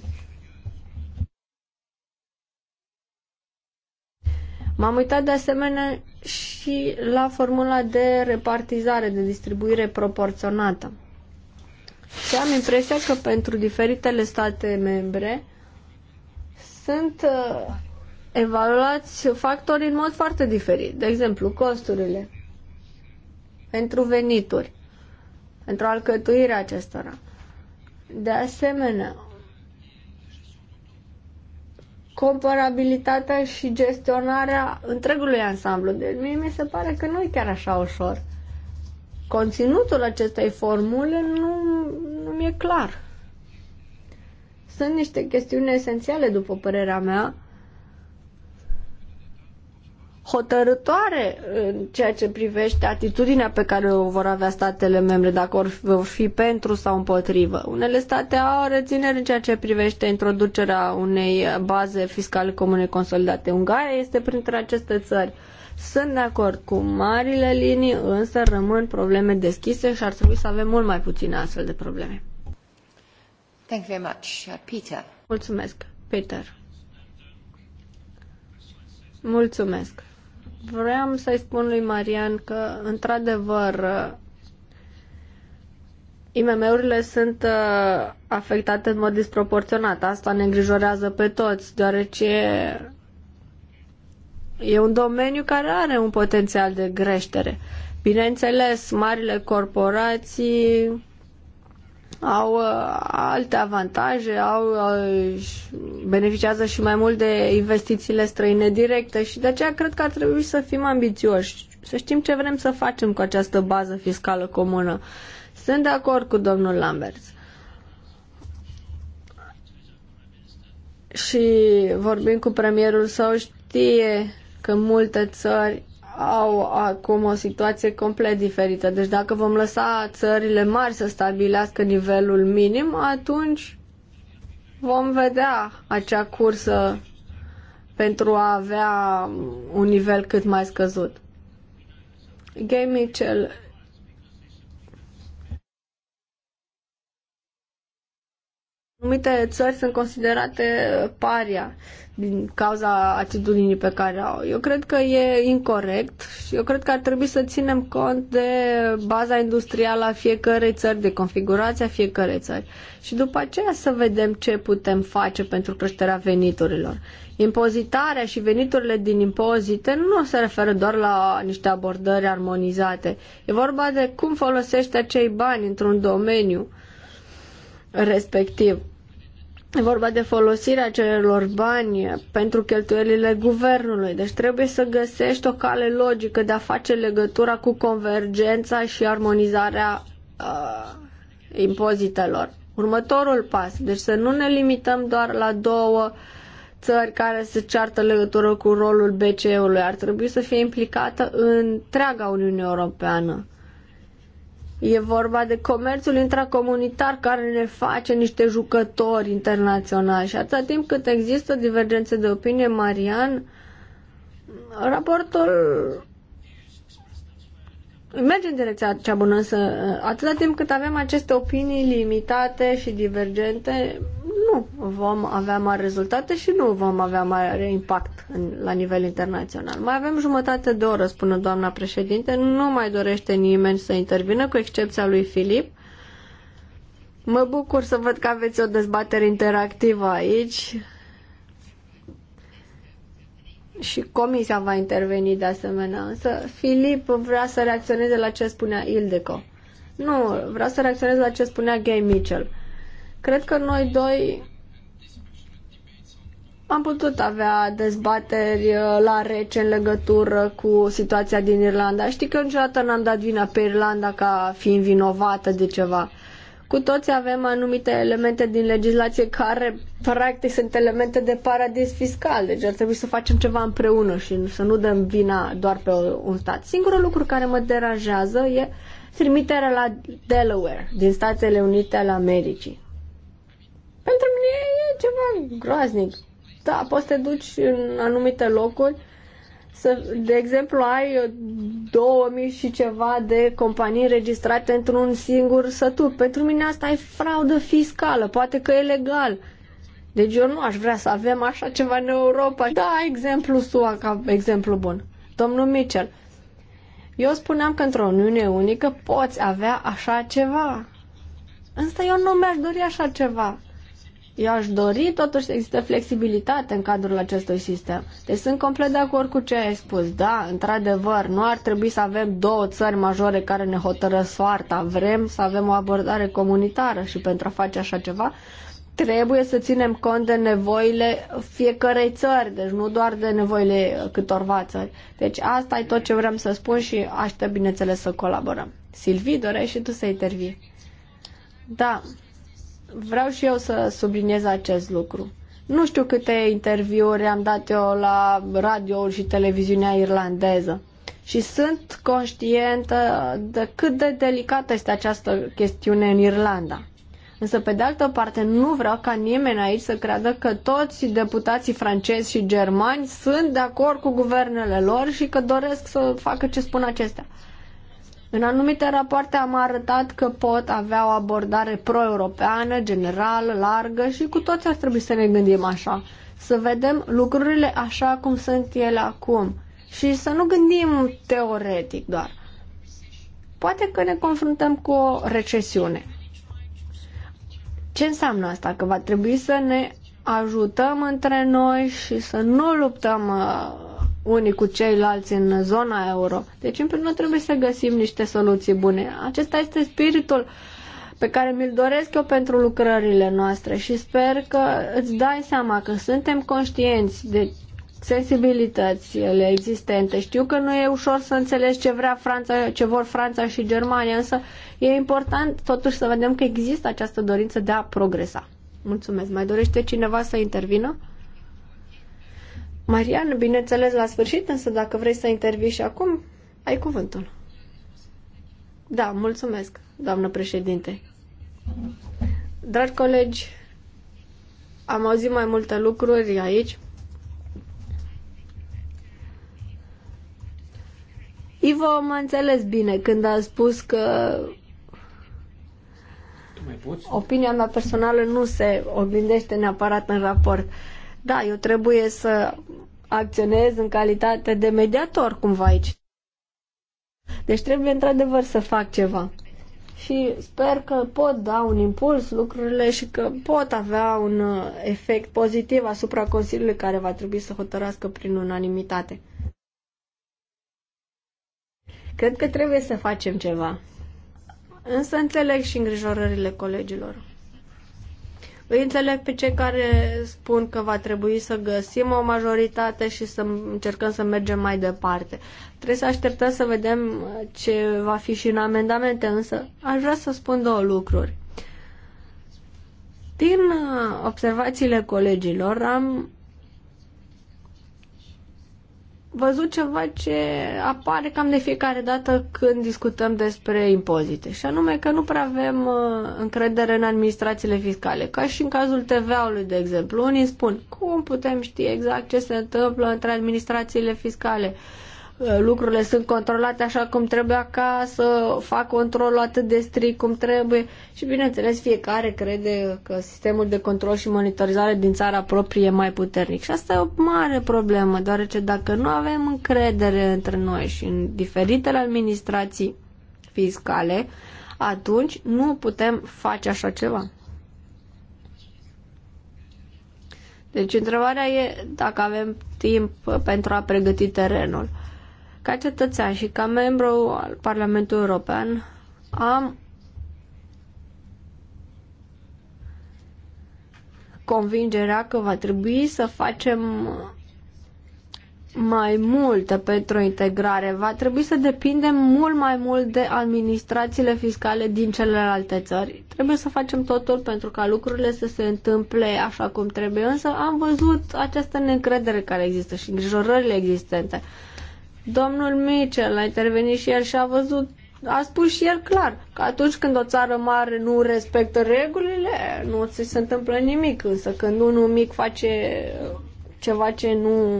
M-am uitat de asemenea și la formula de repartizare, de distribuire proporționată. Și am impresia că pentru diferitele state membre sunt uh, evaluați factorii în mod foarte diferit. De exemplu, costurile pentru venituri, pentru alcătuirea acestora. De asemenea, comparabilitatea și gestionarea întregului ansamblu. Deci mie mi se pare că nu e chiar așa ușor. Conținutul acestei formule nu, nu mi-e clar. Sunt niște chestiuni esențiale, după părerea mea, hotărătoare în ceea ce privește atitudinea pe care o vor avea statele membre, dacă vor fi pentru sau împotrivă. Unele state au reținere în ceea ce privește introducerea unei baze fiscale comune consolidate. Ungaria este printre aceste țări. Sunt de acord cu marile linii, însă rămân probleme deschise și ar trebui să avem mult mai puține astfel de probleme. Thank you very much, uh, Peter. Mulțumesc, Peter. Mulțumesc. Vreau să-i spun lui Marian că, într-adevăr, IMM-urile sunt uh, afectate în mod disproporționat. Asta ne îngrijorează pe toți, deoarece e un domeniu care are un potențial de creștere. Bineînțeles, marile corporații au uh, alte avantaje, au, uh, beneficiază și mai mult de investițiile străine directe și de aceea cred că ar trebui să fim ambițioși, să știm ce vrem să facem cu această bază fiscală comună. Sunt de acord cu domnul Lambert. Și vorbim cu premierul său, știe că multe țări au acum o situație complet diferită. Deci dacă vom lăsa țările mari să stabilească nivelul minim, atunci vom vedea acea cursă pentru a avea un nivel cât mai scăzut. Gay Mitchell Anumite țări sunt considerate paria din cauza atitudinii pe care au. Eu cred că e incorrect și eu cred că ar trebui să ținem cont de baza industrială a fiecărei țări, de configurația fiecărei țări. Și după aceea să vedem ce putem face pentru creșterea veniturilor. Impozitarea și veniturile din impozite nu se referă doar la niște abordări armonizate. E vorba de cum folosești acei bani într-un domeniu respectiv. E vorba de folosirea celor bani pentru cheltuielile guvernului. Deci trebuie să găsești o cale logică de a face legătura cu convergența și armonizarea uh, impozitelor. Următorul pas. Deci să nu ne limităm doar la două țări care se ceartă legătură cu rolul BCE-ului. Ar trebui să fie implicată întreaga Uniune Europeană. E vorba de comerțul intracomunitar care ne face niște jucători internaționali și atâta timp cât există divergențe de opinie, Marian, raportul merge în direcția cea bună, însă atâta timp cât avem aceste opinii limitate și divergente, nu vom avea mari rezultate și nu vom avea mare impact în, la nivel internațional. Mai avem jumătate de oră, spune doamna președinte, nu mai dorește nimeni să intervină, cu excepția lui Filip. Mă bucur să văd că aveți o dezbatere interactivă aici și comisia va interveni de asemenea. Însă Filip vrea să reacționeze la ce spunea Ildeco. Nu, vreau să reacționez la ce spunea Gay Mitchell. Cred că noi doi am putut avea dezbateri uh, la rece în legătură cu situația din Irlanda. Știi că niciodată n-am dat vina pe Irlanda ca fiind vinovată de ceva. Cu toți avem anumite elemente din legislație care, practic, sunt elemente de paradis fiscal, deci ar trebui să facem ceva împreună și să nu dăm vina doar pe un stat. Singurul lucru care mă deranjează e trimiterea la Delaware, din Statele Unite ale Americii. Pentru mine e ceva groaznic. Da, poți să te duci în anumite locuri să, de exemplu, ai 2000 și ceva de companii registrate într-un singur sătuc. Pentru mine asta e fraudă fiscală, poate că e legal. Deci eu nu aș vrea să avem așa ceva în Europa. Da, exemplu SUA ca exemplu bun. Domnul Mitchell, eu spuneam că într-o Uniune unică poți avea așa ceva. Însă eu nu mi-aș dori așa ceva. Eu aș dori totuși să există flexibilitate în cadrul acestui sistem. Deci sunt complet de acord cu ce ai spus. Da, într-adevăr, nu ar trebui să avem două țări majore care ne hotără soarta. Vrem să avem o abordare comunitară și pentru a face așa ceva trebuie să ținem cont de nevoile fiecărei țări, deci nu doar de nevoile câtorva țări. Deci asta e tot ce vrem să spun și aștept, bineînțeles, să colaborăm. Silvi, dorești și tu să intervii. Da, vreau și eu să subliniez acest lucru. Nu știu câte interviuri am dat eu la radio și televiziunea irlandeză și sunt conștientă de cât de delicată este această chestiune în Irlanda. Însă, pe de altă parte, nu vreau ca nimeni aici să creadă că toți deputații francezi și germani sunt de acord cu guvernele lor și că doresc să facă ce spun acestea. În anumite rapoarte am arătat că pot avea o abordare pro-europeană, generală, largă și cu toți ar trebui să ne gândim așa. Să vedem lucrurile așa cum sunt ele acum și să nu gândim teoretic doar. Poate că ne confruntăm cu o recesiune. Ce înseamnă asta? Că va trebui să ne ajutăm între noi și să nu luptăm uh, unii cu ceilalți în zona euro. Deci, împreună trebuie să găsim niște soluții bune. Acesta este spiritul pe care mi-l doresc eu pentru lucrările noastre și sper că îți dai seama că suntem conștienți de sensibilitățile existente. Știu că nu e ușor să înțelegi ce vrea Franța, ce vor Franța și Germania, însă e important totuși să vedem că există această dorință de a progresa. Mulțumesc. Mai dorește cineva să intervină? Marian, bineînțeles, la sfârșit, însă dacă vrei să intervii și acum, ai cuvântul. Da, mulțumesc, doamnă președinte. Dragi colegi, am auzit mai multe lucruri aici. Ivo m înțeles bine când a spus că opinia mea personală nu se oglindește neapărat în raport. Uh, da, eu trebuie să acționez în calitate de mediator cumva aici. Deci trebuie într-adevăr să fac ceva. Și sper că pot da un impuls lucrurile și că pot avea un uh, efect pozitiv asupra Consiliului care va trebui să hotărască prin unanimitate. Cred că trebuie să facem ceva. Însă înțeleg și îngrijorările colegilor. Îi înțeleg pe cei care spun că va trebui să găsim o majoritate și să încercăm să mergem mai departe. Trebuie să așteptăm să vedem ce va fi și în amendamente, însă aș vrea să spun două lucruri. Din observațiile colegilor am văzut ceva ce apare cam de fiecare dată când discutăm despre impozite, și anume că nu prea avem uh, încredere în administrațiile fiscale. Ca și în cazul TVA-ului, de exemplu, unii spun cum putem ști exact ce se întâmplă între administrațiile fiscale. Uh, lucrurile sunt controlate așa cum trebuie ca să fac controlul atât de strict cum trebuie și bineînțeles fiecare crede că sistemul de control și monitorizare din țara proprie e mai puternic și asta e o mare problemă deoarece dacă nu avem încredere între noi și în diferitele administrații fiscale, atunci nu putem face așa ceva. Deci întrebarea e dacă avem timp pentru a pregăti terenul. Ca cetățean și ca membru al Parlamentului European, am convingerea că va trebui să facem mai multe pentru integrare. Va trebui să depindem mult mai mult de administrațiile fiscale din celelalte țări. Trebuie să facem totul pentru ca lucrurile să se întâmple așa cum trebuie, însă am văzut această neîncredere care există și îngrijorările existente. Domnul Mitchell a intervenit și el și a văzut, a spus și el clar că atunci când o țară mare nu respectă regulile, nu se întâmplă nimic, însă când unul mic face ceva ce nu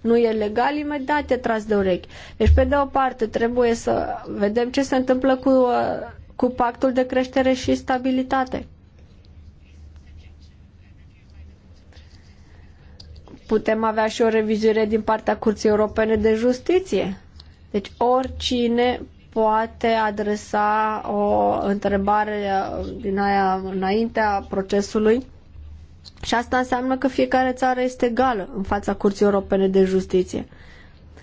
nu e legal, imediat e tras de urechi. Deci, pe de o parte, trebuie să vedem ce se întâmplă cu, cu pactul de creștere și stabilitate. putem avea și o revizuire din partea Curții Europene de Justiție. Deci oricine poate adresa o întrebare uh, din aia înaintea procesului și asta înseamnă că fiecare țară este egală în fața Curții Europene de Justiție.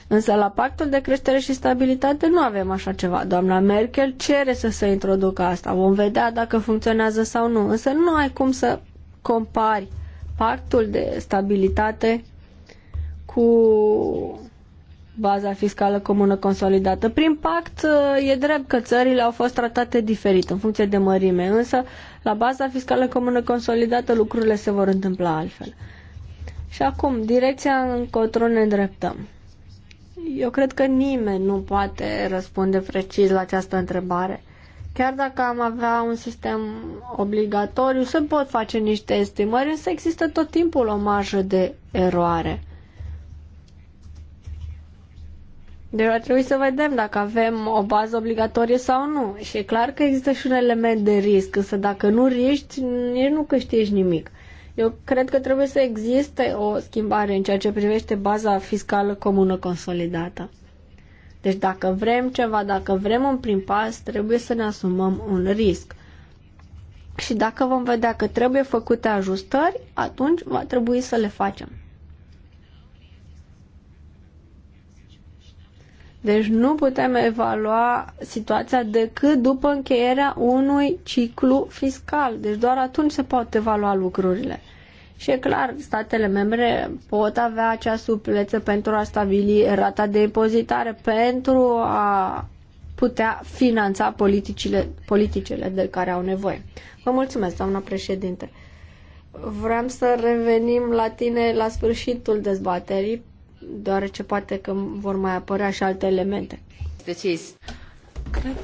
Însă la pactul de creștere și stabilitate nu avem așa ceva. Doamna Merkel cere să se introducă asta. Vom vedea dacă funcționează sau nu. Însă nu ai cum să compari uh, pactul de stabilitate cu baza fiscală comună consolidată. Prin pact uh, e drept că țările au fost tratate diferit în funcție de mărime, însă la baza fiscală comună consolidată lucrurile se vor întâmpla altfel. Și acum, direcția încotro ne îndreptăm. Eu cred că nimeni nu poate răspunde precis la această întrebare. Chiar dacă am avea un sistem obligatoriu, se pot face niște estimări, însă există tot timpul o marjă de eroare. Deci ar trebui să vedem dacă avem o bază obligatorie sau nu. Și e clar că există și un element de risc, însă dacă nu riști, nici nu câștigi nimic. Eu cred că trebuie să existe o schimbare în ceea ce privește baza fiscală comună consolidată. Deci dacă vrem ceva, dacă vrem un prim pas, trebuie să ne asumăm un risc. Și dacă vom vedea că trebuie făcute ajustări, atunci va trebui să le facem. Deci nu putem evalua situația decât după încheierea unui ciclu fiscal. Deci doar atunci se pot evalua lucrurile. Și e clar, statele membre pot avea acea supleță pentru a stabili rata de impozitare, pentru a putea finanța politicile, politicele de care au nevoie. Vă mulțumesc, doamna președinte. Vreau să revenim la tine la sfârșitul dezbaterii, deoarece poate că vor mai apărea și alte elemente. Decis. Cred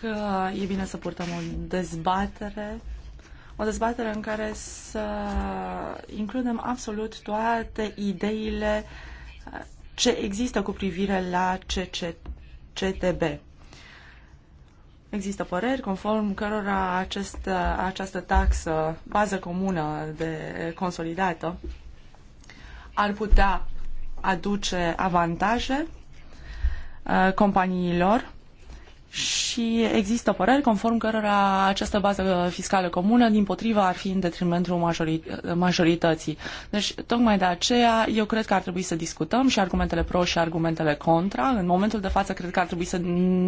că e bine să purtăm o dezbatere o dezbatere în care să includem absolut toate ideile uh, ce există cu privire la CCTB. Există păreri conform cărora acest, uh, această taxă, bază comună de consolidată, ar putea aduce avantaje uh, companiilor și există păreri conform cărora această bază fiscală comună, din potriva, ar fi în detrimentul majorit- majorității. Deci, tocmai de aceea, eu cred că ar trebui să discutăm și argumentele pro și argumentele contra. În momentul de față, cred că ar trebui să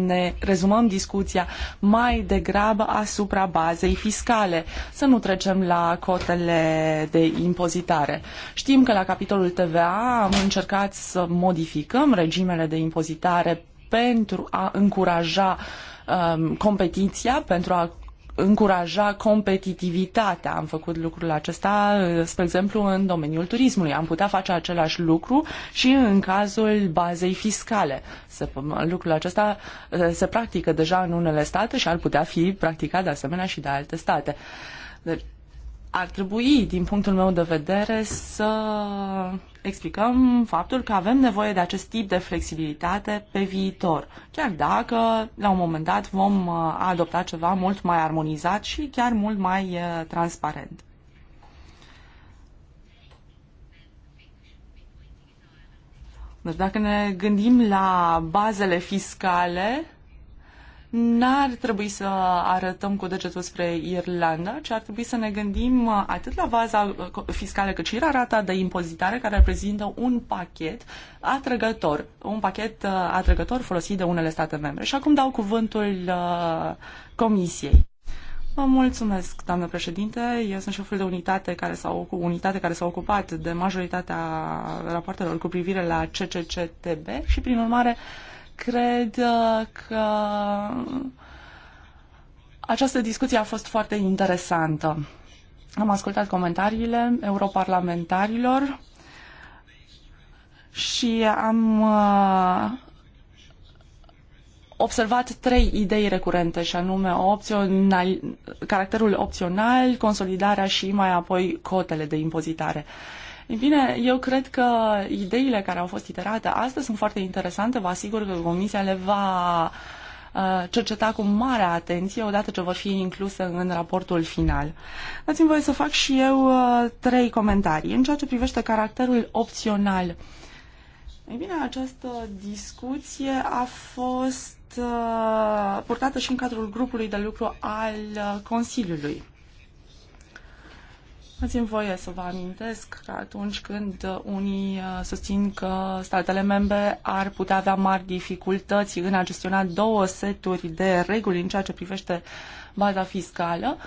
ne rezumăm discuția mai degrabă asupra bazei fiscale, să nu trecem la cotele de impozitare. Știm că la capitolul TVA am încercat să modificăm regimele de impozitare pentru a încuraja um, competiția, pentru a încuraja competitivitatea. Am făcut lucrul acesta, uh, spre exemplu, în domeniul turismului. Am putea face același lucru și în cazul bazei fiscale. Se, lucrul acesta uh, se practică deja în unele state și ar putea fi practicat de asemenea și de alte state. Deci, ar trebui, din punctul meu de vedere, să explicăm faptul că avem nevoie de acest tip de flexibilitate pe viitor, chiar dacă la un moment dat vom uh, adopta ceva mult mai armonizat și chiar mult mai uh, transparent. Deci dacă ne gândim la bazele fiscale, n-ar trebui să arătăm cu degetul spre Irlanda, ci ar trebui să ne gândim uh, atât la baza uh, fiscală cât și la rata de impozitare care reprezintă un pachet atrăgător, un pachet uh, atrăgător folosit de unele state membre. Și acum dau cuvântul Comisiei. Vă mulțumesc, doamnă președinte. Eu sunt șeful de unitate care s-a, unitate care s-a ocupat de majoritatea rapoartelor cu privire la CCCTB și, prin urmare, uh, Cred uh, că această discuție a fost foarte interesantă. Am ascultat comentariile europarlamentarilor și am uh, observat trei idei recurente și anume opțional, caracterul opțional, consolidarea și mai apoi cotele de impozitare. Uh, ei bine, eu cred că ideile care au fost iterate astăzi sunt foarte interesante. Vă asigur că Comisia le va uh, cerceta cu mare atenție odată ce vor fi incluse în raportul final. Dați-mi voie să fac și eu uh, trei comentarii. În ceea ce privește caracterul opțional, ei bine, această discuție a fost uh, purtată și în cadrul grupului de lucru al Consiliului. Dați-mi voie să vă amintesc că atunci când uh, unii uh, susțin că statele membre ar putea avea mari dificultăți în a gestiona două seturi de reguli în ceea ce privește baza fiscală,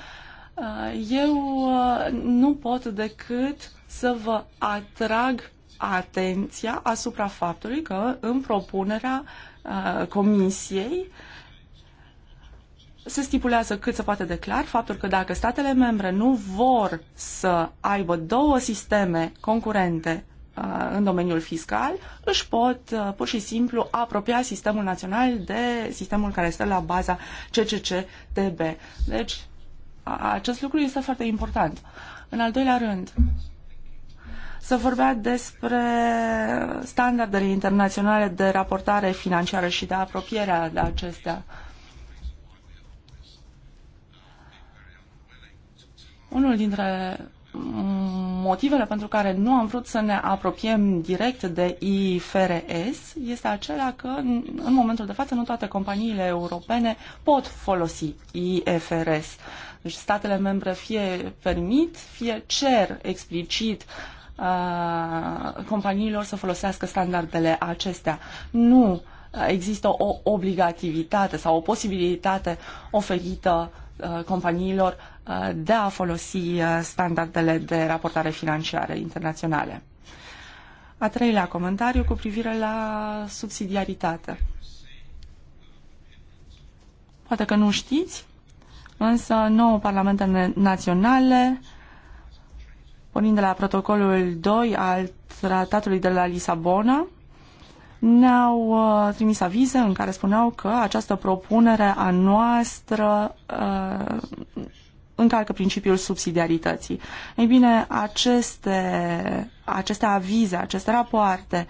uh, eu nu pot decât să vă atrag atenția asupra faptului că în propunerea Comisiei uh, se stipulează cât se poate de clar faptul că dacă statele membre nu vor să aibă două sisteme concurente uh, în domeniul fiscal, își pot uh, pur și simplu apropia sistemul național de sistemul care stă la baza CCCTB. Deci, acest lucru este foarte important. În al doilea rând, să vorbea despre standardele internaționale de raportare financiară și de apropierea de acestea. Uh, Unul dintre mm, motivele pentru care nu am vrut să ne apropiem direct de IFRS este acela că în momentul de față nu toate companiile europene pot folosi IFRS. Deci statele membre fie permit, fie cer explicit uh, companiilor să folosească standardele acestea. Nu există o obligativitate sau o posibilitate oferită companiilor de a folosi uh, standardele de raportare financiare internaționale. A treilea comentariu cu privire la subsidiaritate. Poate că nu știți, însă nouă parlamente naționale, pornind de la protocolul 2 al tratatului de la Lisabona, ne-au uh, trimis avize în care spuneau că această propunere a noastră uh, încalcă principiul subsidiarității. Ei bine, aceste, aceste avize, aceste rapoarte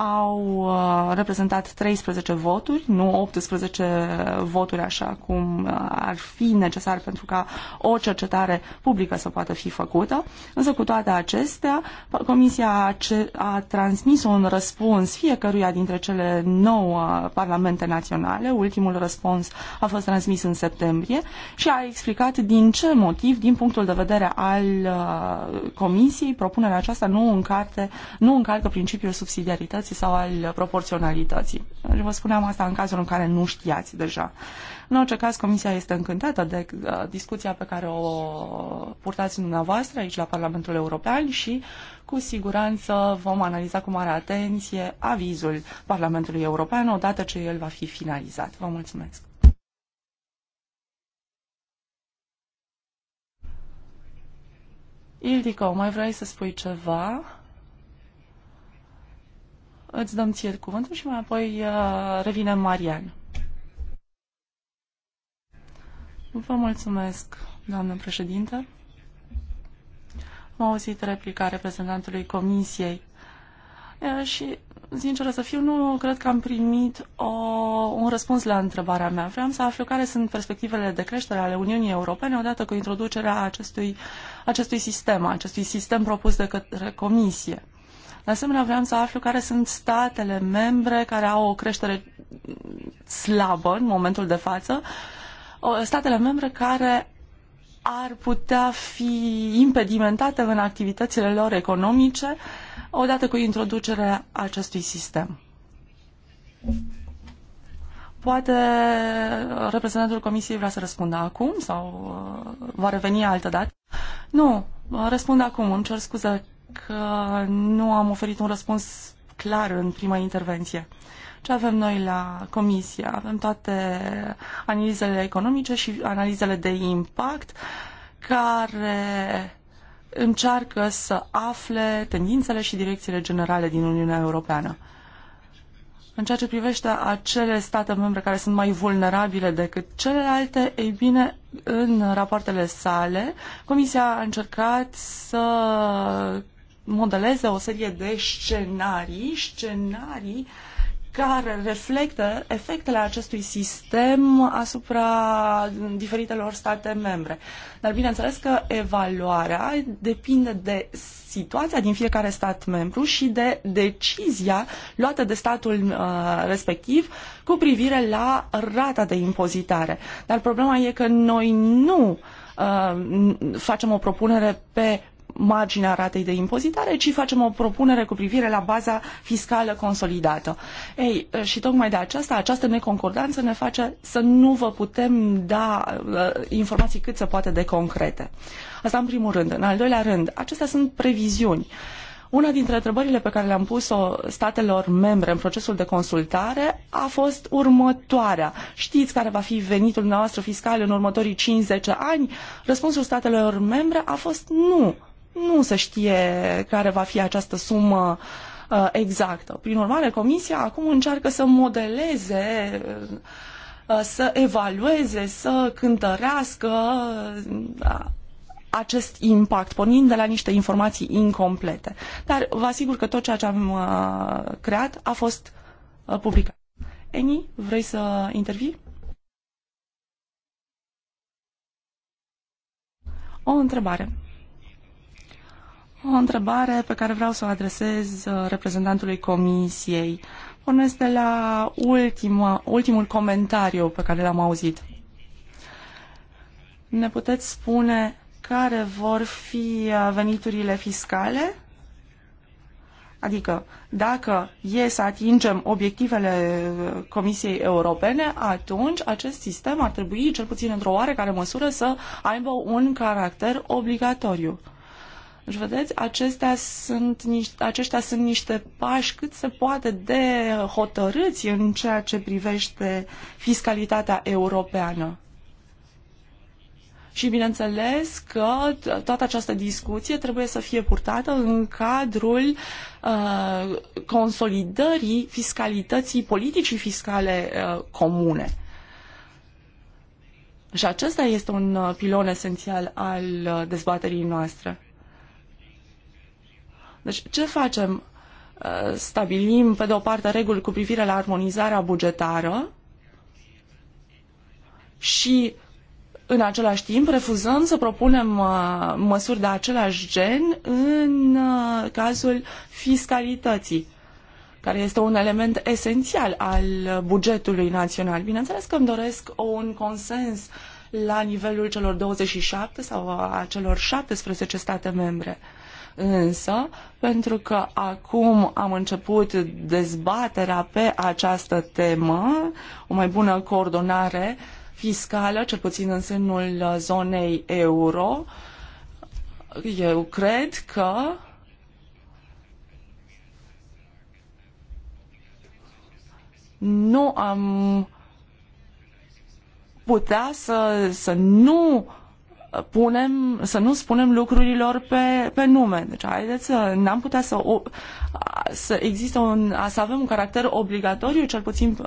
au uh, reprezentat 13 voturi, nu 18 voturi așa cum uh, ar fi necesar pentru ca o cercetare publică să poată fi făcută. Însă cu toate acestea, Comisia a transmis un răspuns fiecăruia dintre cele nouă parlamente naționale. Ultimul răspuns a fost transmis în septembrie și a explicat din ce motiv, din punctul de vedere al uh, Comisiei, propunerea aceasta nu încarte, nu încalcă principiul subsidiarității legalității sau al proporționalității. Deci vă spuneam asta în cazul în care nu știați deja. În orice caz, Comisia este încântată de uh, discuția pe care o purtați dumneavoastră aici la Parlamentul European și cu siguranță vom analiza cu mare atenție avizul Parlamentului European odată ce el va fi finalizat. Vă mulțumesc! Ildico, mai vrei să spui ceva? Îți dăm ție cuvântul și mai apoi uh, revine Marian. Vă mulțumesc, doamnă președinte. Am auzit replica reprezentantului Comisiei și, sincer să fiu, nu cred că am primit o, un răspuns la întrebarea mea. Vreau să aflu care sunt perspectivele de creștere ale Uniunii Europene odată cu introducerea acestui, acestui sistem, acestui sistem propus de către Comisie. De asemenea, vreau să aflu care sunt statele membre care au o creștere slabă în momentul de față, statele membre care ar putea fi impedimentate în activitățile lor economice odată cu introducerea acestui sistem. Poate uh, reprezentantul Comisiei vrea să răspundă acum sau uh, va reveni altă dată. Nu, uh, răspund acum, îmi cer scuze că nu am oferit un răspuns clar în prima intervenție. Ce avem noi la comisie? Avem toate analizele economice și analizele de impact care încearcă să afle tendințele și direcțiile generale din Uniunea Europeană. În ceea ce privește acele state membre care sunt mai vulnerabile decât celelalte, ei bine, în rapoartele sale, Comisia a încercat să modeleze o serie de scenarii, scenarii care reflectă efectele acestui sistem asupra diferitelor state membre. Dar bineînțeles că evaluarea depinde de situația din fiecare stat membru și de decizia luată de statul uh, respectiv cu privire la rata de impozitare. Dar problema e că noi nu uh, facem o propunere pe marginea ratei de impozitare, ci facem o propunere cu privire la baza fiscală consolidată. Ei, și tocmai de aceasta, această neconcordanță ne face să nu vă putem da uh, informații cât se poate de concrete. Asta în primul rând. În al doilea rând, acestea sunt previziuni. Una dintre întrebările pe care le-am pus-o statelor membre în procesul de consultare a fost următoarea. Știți care va fi venitul nostru fiscal în următorii 5-10 ani? Răspunsul statelor membre a fost nu nu se știe care va fi această sumă uh, exactă. Prin urmare, Comisia acum încearcă să modeleze, uh, uh, să evalueze, să cântărească acest impact, pornind de la niște informații incomplete. Dar vă asigur că tot ceea ce am creat a fost publicat. Eni, vrei să intervii? O întrebare o întrebare pe care vreau să o adresez uh, reprezentantului Comisiei. Pornesc de la ultima, ultimul comentariu pe care l-am auzit. Ne puteți spune care vor fi uh, veniturile fiscale? Adică, dacă e să atingem obiectivele uh, Comisiei Europene, atunci acest sistem ar trebui, cel puțin într-o oarecare măsură, să aibă un caracter obligatoriu. Deci, vedeți, acestea sunt niște, aceștia sunt niște pași cât se poate de hotărâți în ceea ce privește fiscalitatea europeană. Și bineînțeles că toată această discuție trebuie să fie purtată în cadrul uh, consolidării fiscalității politicii fiscale uh, comune. Și acesta este un uh, pilon esențial al uh, dezbaterii noastre. Deci ce facem? Uh, stabilim, pe de o parte, reguli cu privire la armonizarea bugetară și în același timp refuzăm să propunem uh, măsuri de același gen în uh, cazul fiscalității care este un element esențial al bugetului național. Bineînțeles că îmi doresc un consens la nivelul celor 27 sau a celor 17 state membre. Însă, pentru că acum am început dezbaterea pe această temă, o mai bună coordonare fiscală, cel puțin în sânul zonei euro, eu cred că nu am putea să, să nu punem, să nu spunem lucrurilor pe, pe nume. Deci, haideți să n-am putea să, o, să există un, să avem un caracter obligatoriu, cel puțin uh,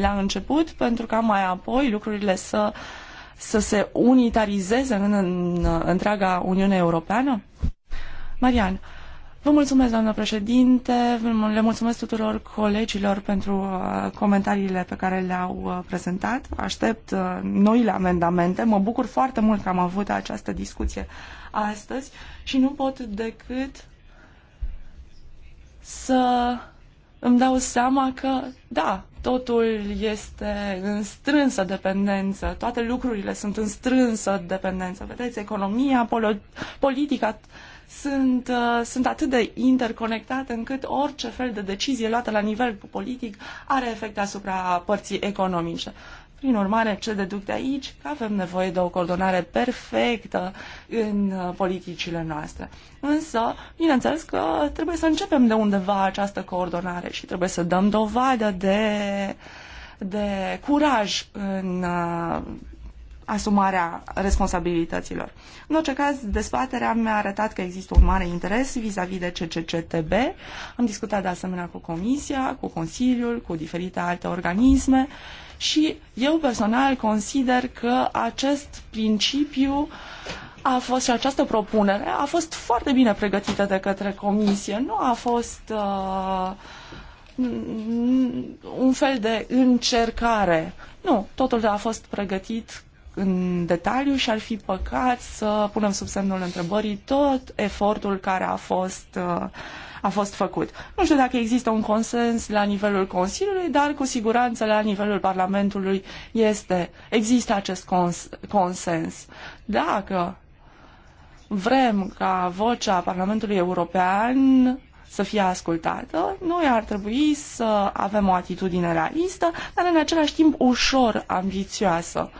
la început, pentru ca mai apoi lucrurile să, să se unitarizeze în, în întreaga Uniune Europeană? Marian, Vă mulțumesc, doamnă președinte, le mulțumesc tuturor colegilor pentru uh, comentariile pe care le-au uh, prezentat. Aștept uh, noile amendamente. Mă bucur foarte mult că am avut această discuție astăzi și nu pot decât să îmi dau seama că, da, totul este în strânsă dependență, toate lucrurile sunt în strânsă dependență. Vedeți, economia, politica, sunt, uh, sunt atât de interconectate încât orice fel de decizie luată la nivel politic are efecte asupra părții economice. Prin urmare, ce deduc de aici? Că avem nevoie de o coordonare perfectă în uh, politicile noastre. Însă, bineînțeles că trebuie să începem de undeva această coordonare și trebuie să dăm dovadă de, de curaj în uh, asumarea responsabilităților. În orice caz, dezbaterea mi-a arătat că există un mare interes vis-a-vis -vis de CCCTB. Am discutat de asemenea cu Comisia, cu Consiliul, cu diferite alte organisme și eu personal consider că acest principiu a fost și această propunere a fost foarte bine pregătită de către Comisie. Nu a fost uh, un fel de încercare. Nu, totul a fost pregătit în detaliu și ar fi păcat să punem sub semnul întrebării tot efortul care a fost, uh, a fost făcut. Nu știu dacă există un consens la nivelul Consiliului, dar cu siguranță la nivelul Parlamentului este, există acest cons, consens. Dacă vrem ca vocea Parlamentului European să fie ascultată, noi ar trebui să avem o atitudine realistă, dar în același timp ușor ambițioasă.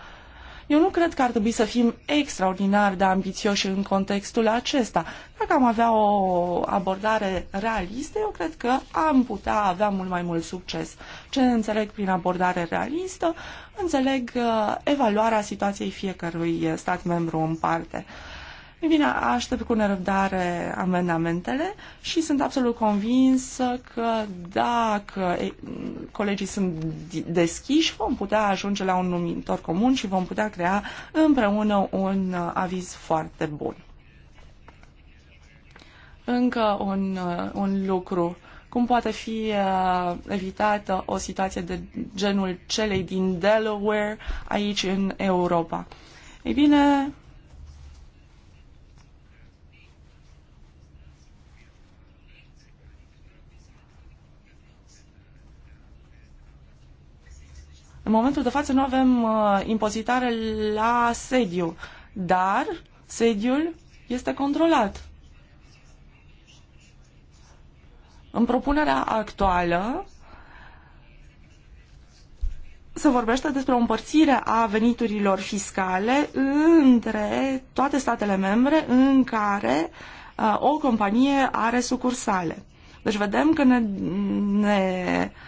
Eu nu cred că ar trebui să fim extraordinar de ambițioși în contextul acesta. Dacă am avea o abordare realistă, eu cred că am putea avea mult mai mult succes. Ce înțeleg prin abordare realistă? Înțeleg uh, evaluarea situației fiecărui stat membru în parte. Uh, ei bine, aștept cu nerăbdare amendamentele și sunt absolut convinsă că dacă colegii sunt deschiși, vom putea ajunge la un numitor comun și vom putea crea împreună un uh, aviz foarte bun. Încă un, uh, un lucru. Cum poate fi uh, evitată o situație de genul celei din Delaware aici în Europa? Ei bine, În momentul de față nu avem uh, impozitare la sediu, dar sediul este controlat. În propunerea actuală se vorbește despre o împărțire a veniturilor fiscale între toate statele membre în care uh, o companie are sucursale. Deci vedem că ne, ne uh,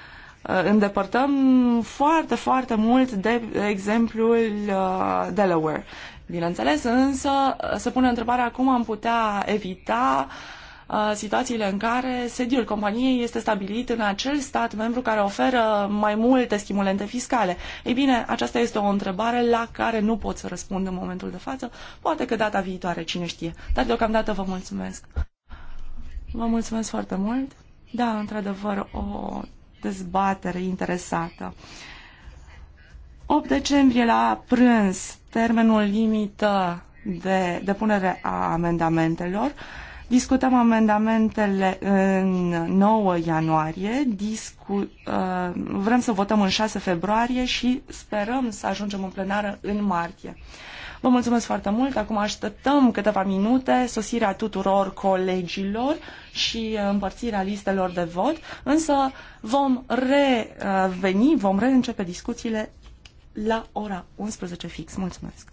Uh, îndepărtăm foarte, foarte mult de exemplul uh, Delaware. Bineînțeles, însă uh, se pune întrebarea cum am putea evita situațiile în care sediul companiei este stabilit în acel stat membru care oferă mai multe stimulente fiscale. Ei bine, aceasta este o întrebare la care nu pot să răspund în momentul de față, poate că data viitoare, cine știe. Dar deocamdată vă mulțumesc. Vă mulțumesc foarte mult. Da, într-adevăr, o dezbatere interesată. 8 decembrie la prânz, termenul limită de depunere a amendamentelor. Discutăm amendamentele în 9 ianuarie, discu- uh, vrem să votăm în 6 februarie și sperăm să ajungem în plenară în martie. Vă mulțumesc foarte mult. Acum așteptăm câteva minute sosirea tuturor colegilor și împărțirea listelor de vot, însă vom reveni, vom reîncepe discuțiile la ora 11 fix. Mulțumesc!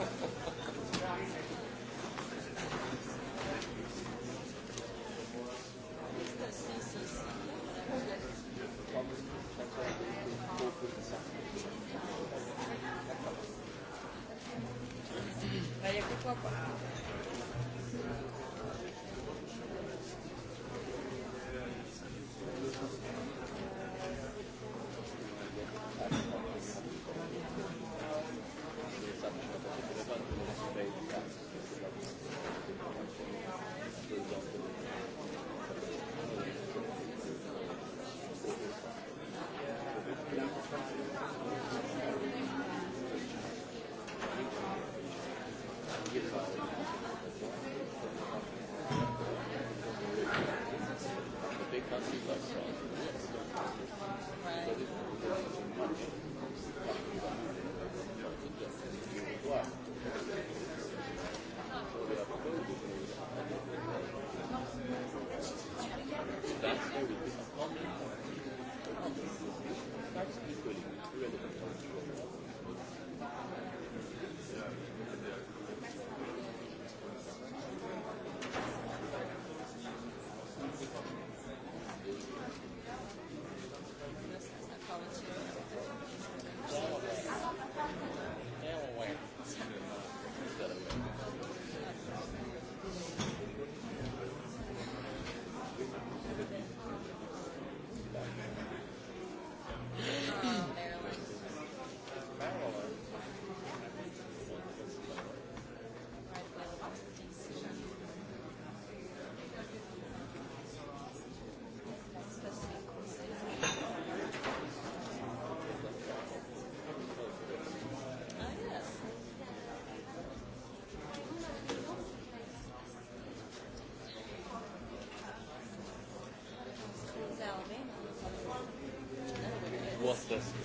astăzi.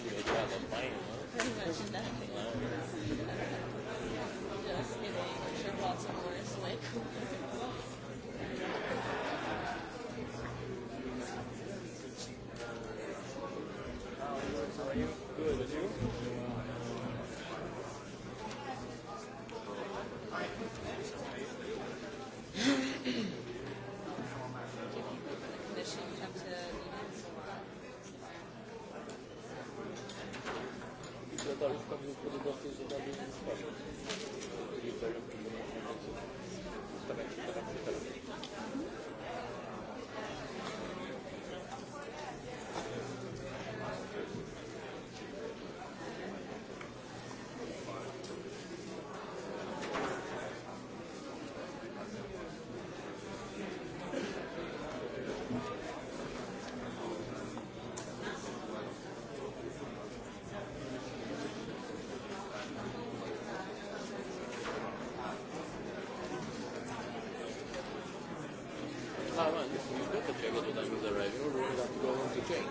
change.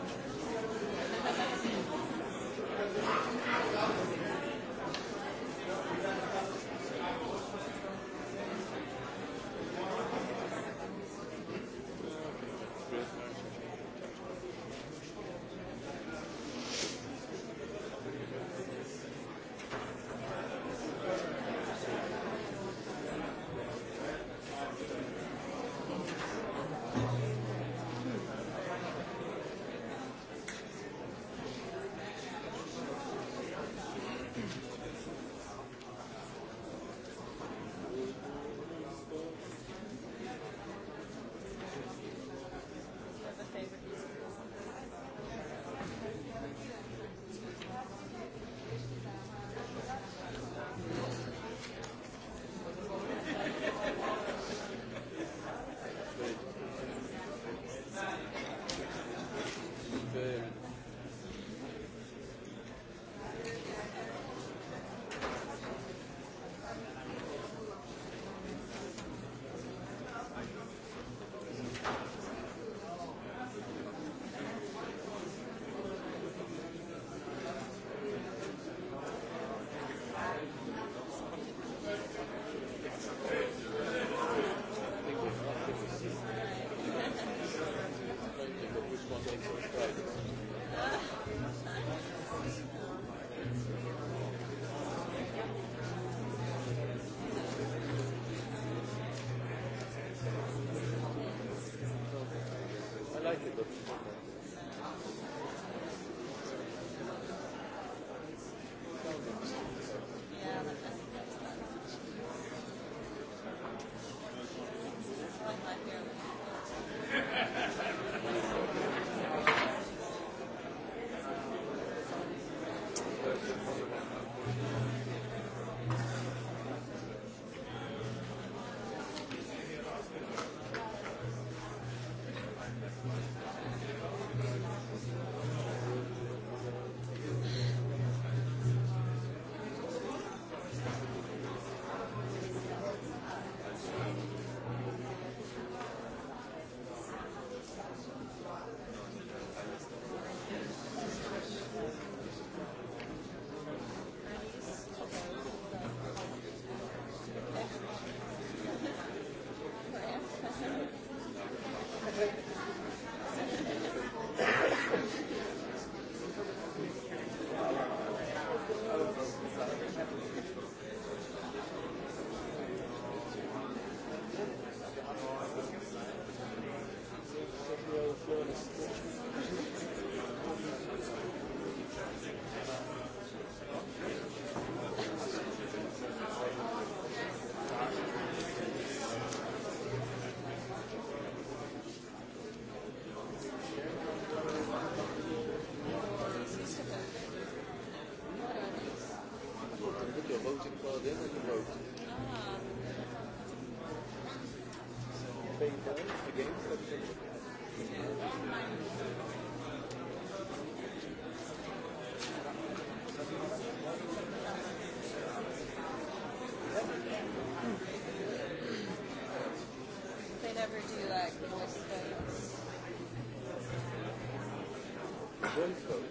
Thank you.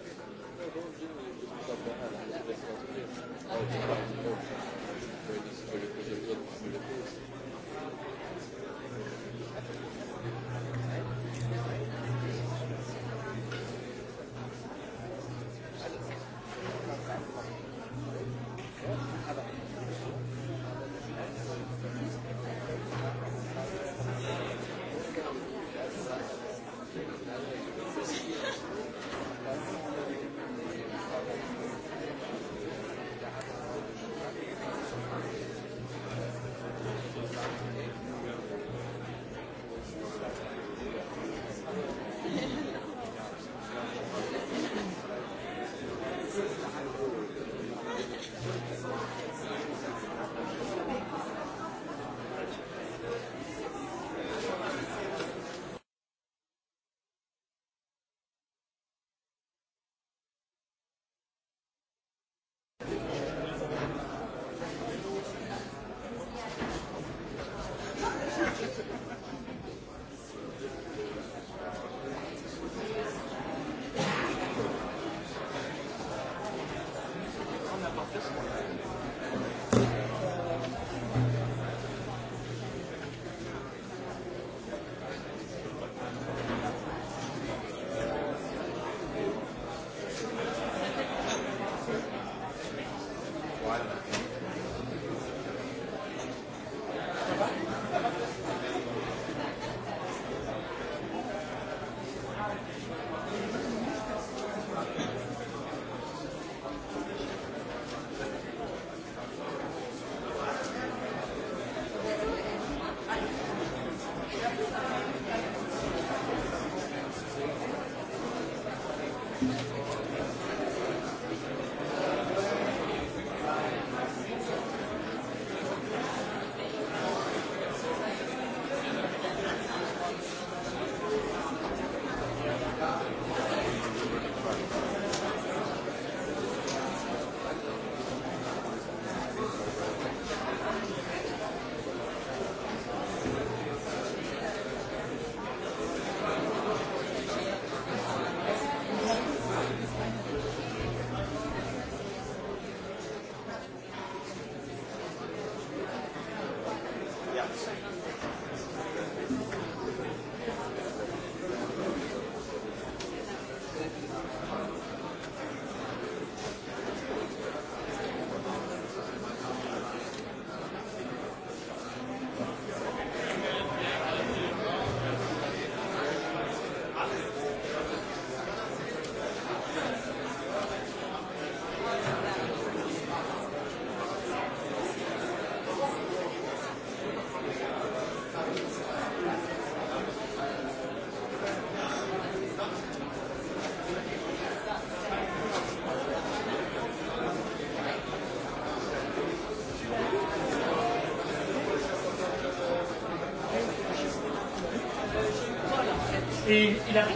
Et il arrive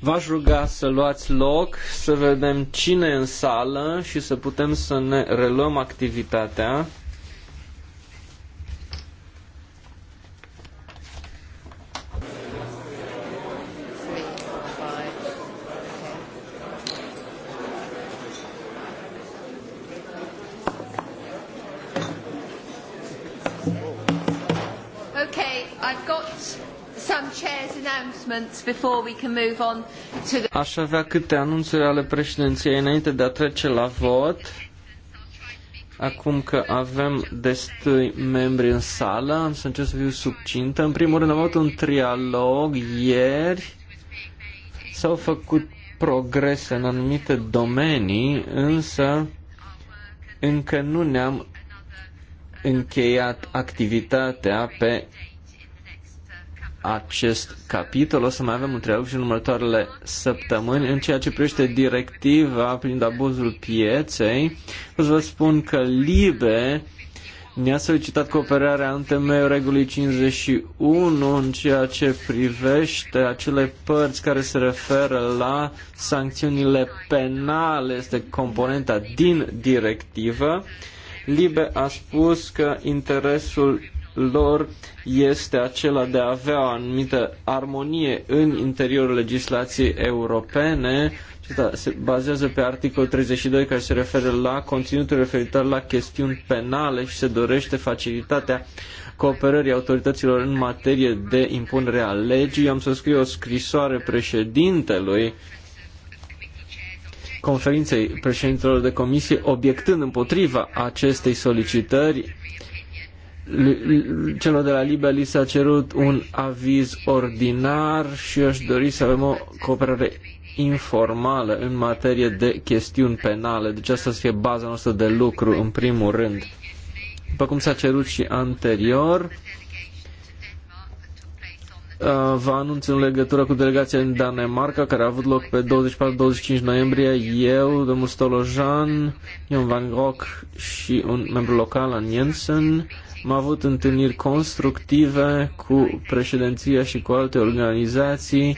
V-aș ruga să luați loc, să vedem cine e în sală și să putem să ne reluăm activitatea. Aș avea câte anunțuri ale președinției înainte de a trece la vot. Acum că avem destui membri în sală, am să încerc să fiu subcintă. În primul rând am avut un trialog ieri. S-au făcut progrese în anumite domenii, însă încă nu ne-am încheiat activitatea pe acest capitol. O să mai avem întrerup și în următoarele săptămâni în ceea ce privește directiva prin abuzul pieței. O să vă spun că LIBE ne-a solicitat cooperarea în temeiul regulii 51 în ceea ce privește acele părți care se referă la sancțiunile penale, este componenta din directivă. Libe a spus că interesul lor este acela de a avea o anumită armonie în interiorul legislației europene. Acesta se bazează pe articolul 32 care se referă la conținutul referitor la chestiuni penale și se dorește facilitatea cooperării autorităților în materie de impunere a legii. Eu am să scriu o scrisoare președintelui conferinței președintelor de comisie, obiectând împotriva acestei solicitări celor de la Libia li s-a cerut un aviz ordinar și eu aș dori să avem o cooperare informală în materie de chestiuni penale. Deci asta să fie baza noastră de lucru în primul rând. După cum s-a cerut și anterior, uh, vă anunț în legătură cu delegația din Danemarca, care a avut loc pe 24-25 noiembrie, eu, domnul Stolojan, Ion Van Gogh și un membru local, An Jensen, am avut întâlniri constructive cu președinția și cu alte organizații,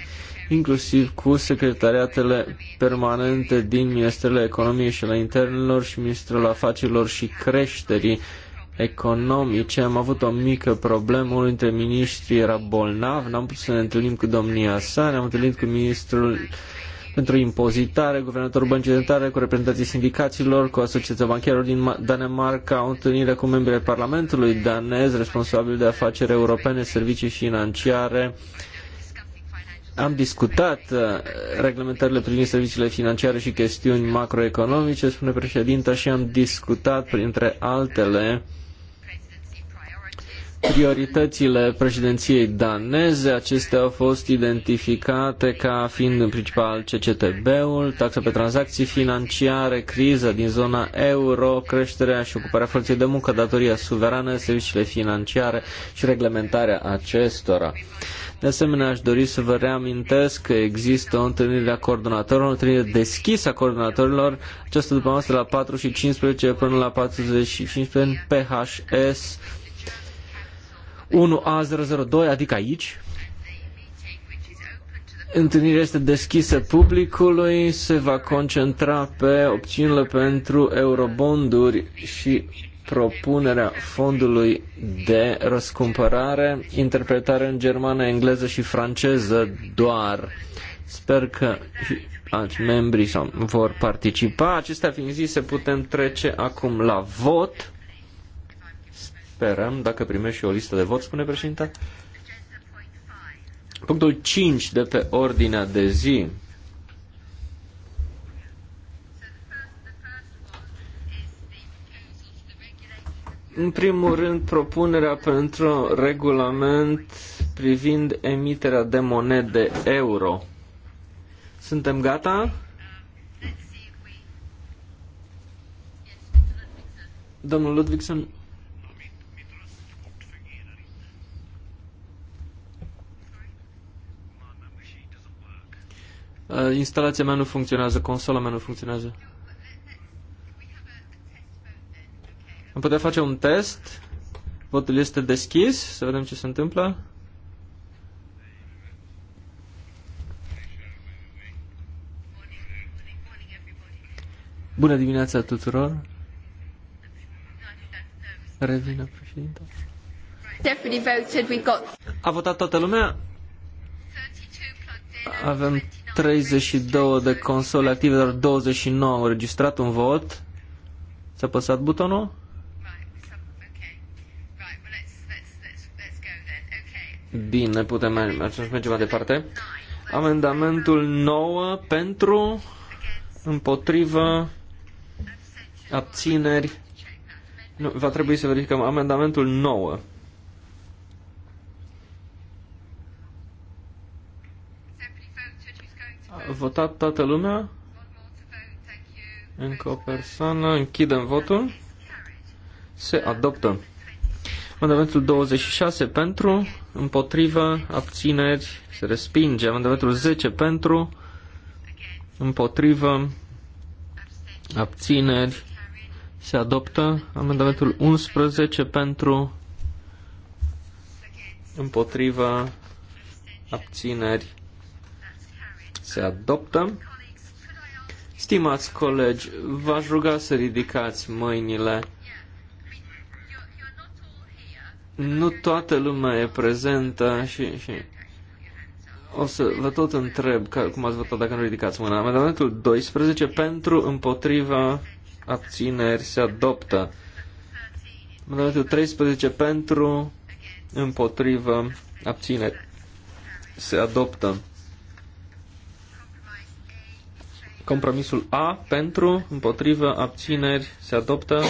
inclusiv cu secretariatele permanente din Ministerele Economiei și ale Internelor și Ministerul Afacerilor și Creșterii economice. Am avut o mică problemă, unul dintre miniștri era bolnav, n-am putut să ne întâlnim cu domnia sa, ne-am întâlnit cu ministrul pentru impozitare, guvernatorul Băncii Centrale cu reprezentanții sindicaților, cu Asociația Bancherilor din Danemarca, o întâlnire cu membrii Parlamentului danez responsabil de afaceri europene, servicii financiare. Am discutat uh, reglementările privind serviciile financiare și chestiuni macroeconomice, spune președinta, și am discutat, printre altele, prioritățile președinției daneze. Acestea au fost identificate ca fiind în principal CCTB-ul, taxa pe tranzacții financiare, criza din zona euro, creșterea și ocuparea forței de muncă, datoria suverană, serviciile financiare și reglementarea acestora. De asemenea, aș dori să vă reamintesc că există o întâlnire a coordonatorilor, o întâlnire deschisă a coordonatorilor, aceasta după masă la 4 și 15 până la 45 în PHS 1A002, adică aici. Întâlnirea este deschisă publicului, se va concentra pe opțiunile pentru eurobonduri și propunerea fondului de răscumpărare, interpretare în germană, engleză și franceză doar. Sper că alți membri vor participa. Acestea fiind zise, putem trece acum la vot sperăm dacă primești și o listă de vot, spune președinte. Punctul 5 de pe ordinea de zi. În primul rând, propunerea pentru regulament privind emiterea de monede euro. Suntem gata? Domnul Ludvigson, Uh, instalația mea nu funcționează, consola mea nu funcționează. Am putea face un test. Votul este deschis, să vedem ce se întâmplă. Bună dimineața tuturor! Revină got. A votat toată lumea? Avem 32 de console active, dar 29 au înregistrat un vot. S-a păsat butonul? Bine, putem merge, merge mai departe. Amendamentul 9 pentru, împotrivă, abțineri. Nu, va trebui să verificăm amendamentul 9. votat toată lumea? Încă o persoană. Închidem votul. Se adoptă. Amendamentul 26 pentru, împotrivă, abțineri, se respinge. Amendamentul 10 pentru, împotrivă, abțineri, se adoptă. Amendamentul 11 pentru, împotrivă, abțineri, se adoptă. Stimați colegi, v-aș ruga să ridicați mâinile. Nu toată lumea e prezentă și, și o să vă tot întreb ca, cum ați votat dacă nu ridicați mâna. Amendamentul 12 pentru, împotriva, abțineri se adoptă. Amendamentul 13 pentru, împotriva abțineri se adoptă. Compromisul A pentru, împotrivă, abțineri se adoptă.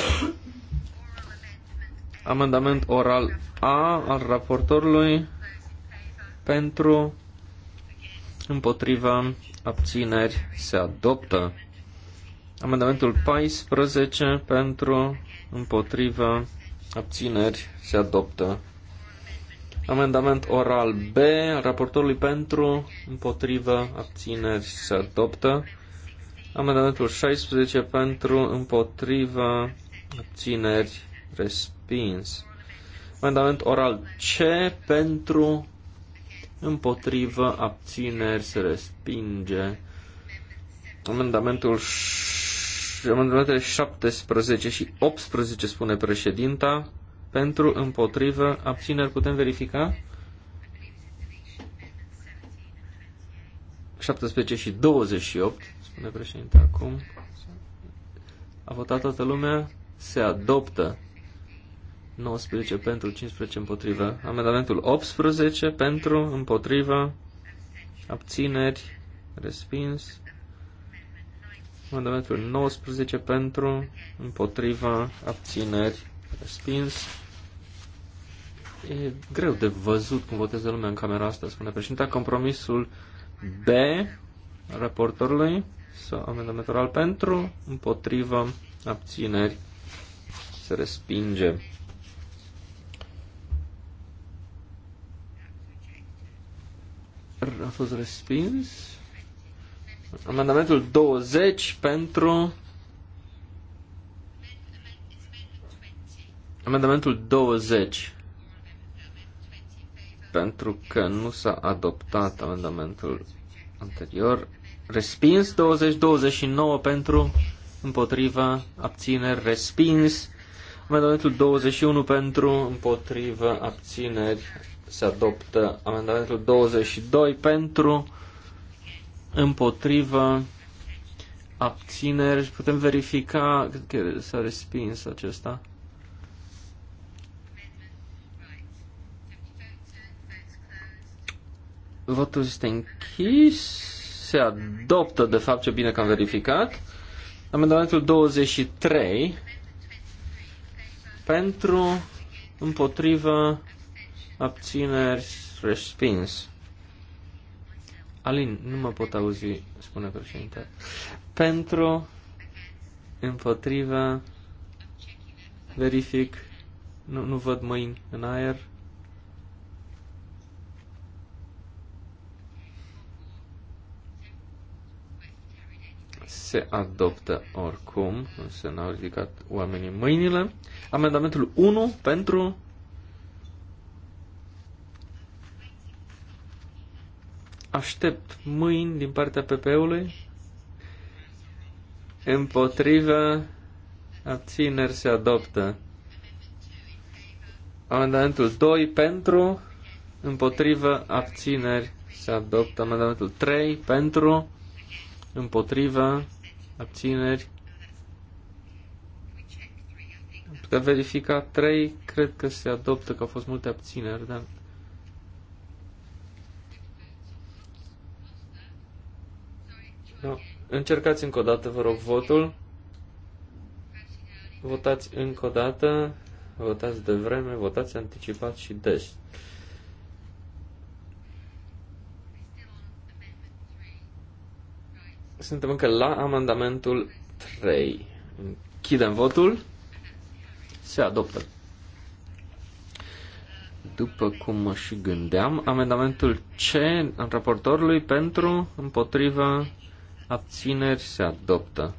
Amendament oral A al raportorului pentru, împotrivă, abțineri se adoptă. Amendamentul 14 pentru, împotrivă, abțineri se adoptă. Amendament oral B al raportorului pentru, împotrivă, abțineri se adoptă. Amendamentul 16 pentru împotriva abțineri respins. Amendament oral C pentru împotrivă abțineri se respinge. Amendamentul amendamentele 17 și 18 spune președinta pentru împotrivă abțineri putem verifica? 17 și 28 domnule președinte. Acum a votat toată lumea, se adoptă 19 pentru, 15 împotriva. Amendamentul 18 pentru, împotriva, abțineri, respins. Amendamentul 19 pentru, împotriva, abțineri, respins. E greu de văzut cum voteze lumea în camera asta, spune președinta. Compromisul B raportorului sau amendamentul oral pentru, împotrivă, abțineri, se respinge. A fost respins. Amendamentul 20 pentru. Amendamentul 20 pentru că nu s-a adoptat amendamentul anterior, respins, 20, 29 pentru, împotriva, abțineri, respins, amendamentul 21 pentru, împotriva, abțineri, se adoptă amendamentul 22 pentru, împotriva, abțineri, putem verifica că s-a respins acesta. Votul este închis se adoptă, de fapt, ce bine că am verificat. Amendamentul 23 pentru, împotrivă, abțineri, respins. Alin, nu mă pot auzi, spune președinte. Pentru, împotrivă, verific, nu, nu văd mâini în aer. se adoptă oricum, însă n-au ridicat oamenii mâinile. Amendamentul 1 pentru aștept mâini din partea PP-ului împotrivă abțineri se adoptă. Amendamentul 2 pentru împotrivă abțineri se adoptă. Amendamentul 3 pentru împotrivă abțineri. putea verifica 3, cred că se adoptă, că au fost multe abțineri, dar... No. Încercați încă o dată, vă rog, votul. Votați încă o dată, votați de vreme, votați anticipat și des. Suntem încă la amendamentul 3. Închidem votul. Se adoptă. După cum mă și gândeam, amendamentul C în raportorului pentru, împotriva, abțineri se adoptă.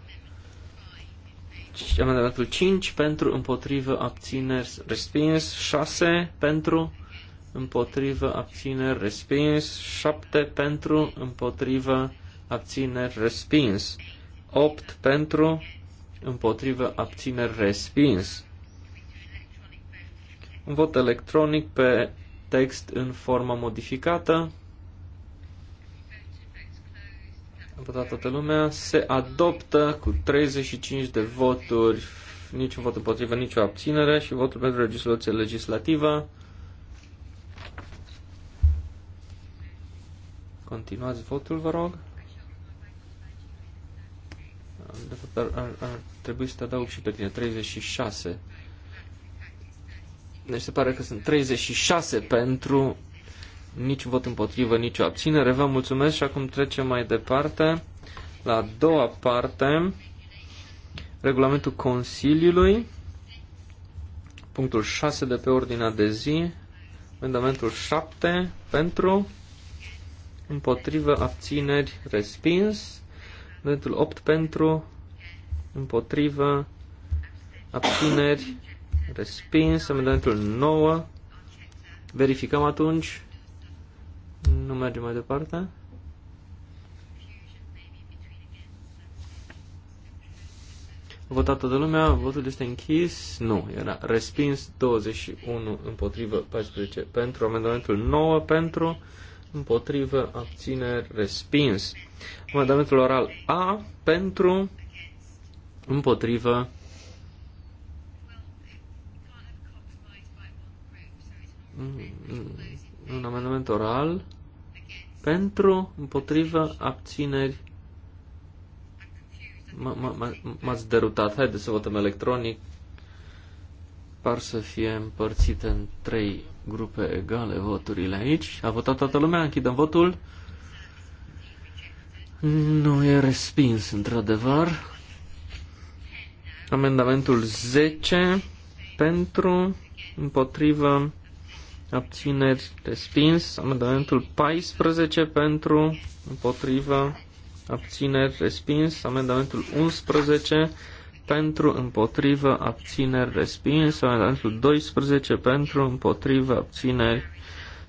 Amendamentul 5 pentru, împotrivă, abțineri, respins. 6 pentru, împotrivă, abțineri, respins. 7 pentru, împotrivă, abțineri, respins. 8 pentru, împotrivă, abțineri, respins. Un vot electronic pe text în formă modificată. A votat toată lumea. Se adoptă cu 35 de voturi, niciun vot împotrivă, nicio abținere și votul pentru legislație legislativă. Continuați votul, vă rog de fapt, ar, ar, ar trebui să te adaug și pe tine, 36. Deci se pare că sunt 36 pentru, nici vot împotrivă, nici o abținere. Vă mulțumesc și acum trecem mai departe la a doua parte, regulamentul Consiliului, punctul 6 de pe ordinea de zi, amendamentul 7 pentru, împotrivă, abțineri, respins. Amendamentul 8 pentru, împotrivă, abțineri, respins. Amendamentul 9, verificăm atunci. Nu mergem mai departe. Votat toată lumea, votul este închis. Nu, era respins 21 împotrivă 14 pentru, amendamentul 9 pentru, împotrivă, abțineri, respins. Amendamentul oral A pentru, împotrivă, un amendament oral pentru, împotrivă, abțineri. M-ați derutat. Haideți să votăm electronic par să fie împărțite în trei grupe egale voturile aici. A votat toată lumea, închidem votul. Nu e respins, într-adevăr. Amendamentul 10 pentru, împotrivă, abțineri, respins. Amendamentul 14 pentru, împotrivă, abțineri, respins. Amendamentul 11 pentru, împotrivă, abțineri, respins. Amendamentul 12 pentru, împotrivă, abțineri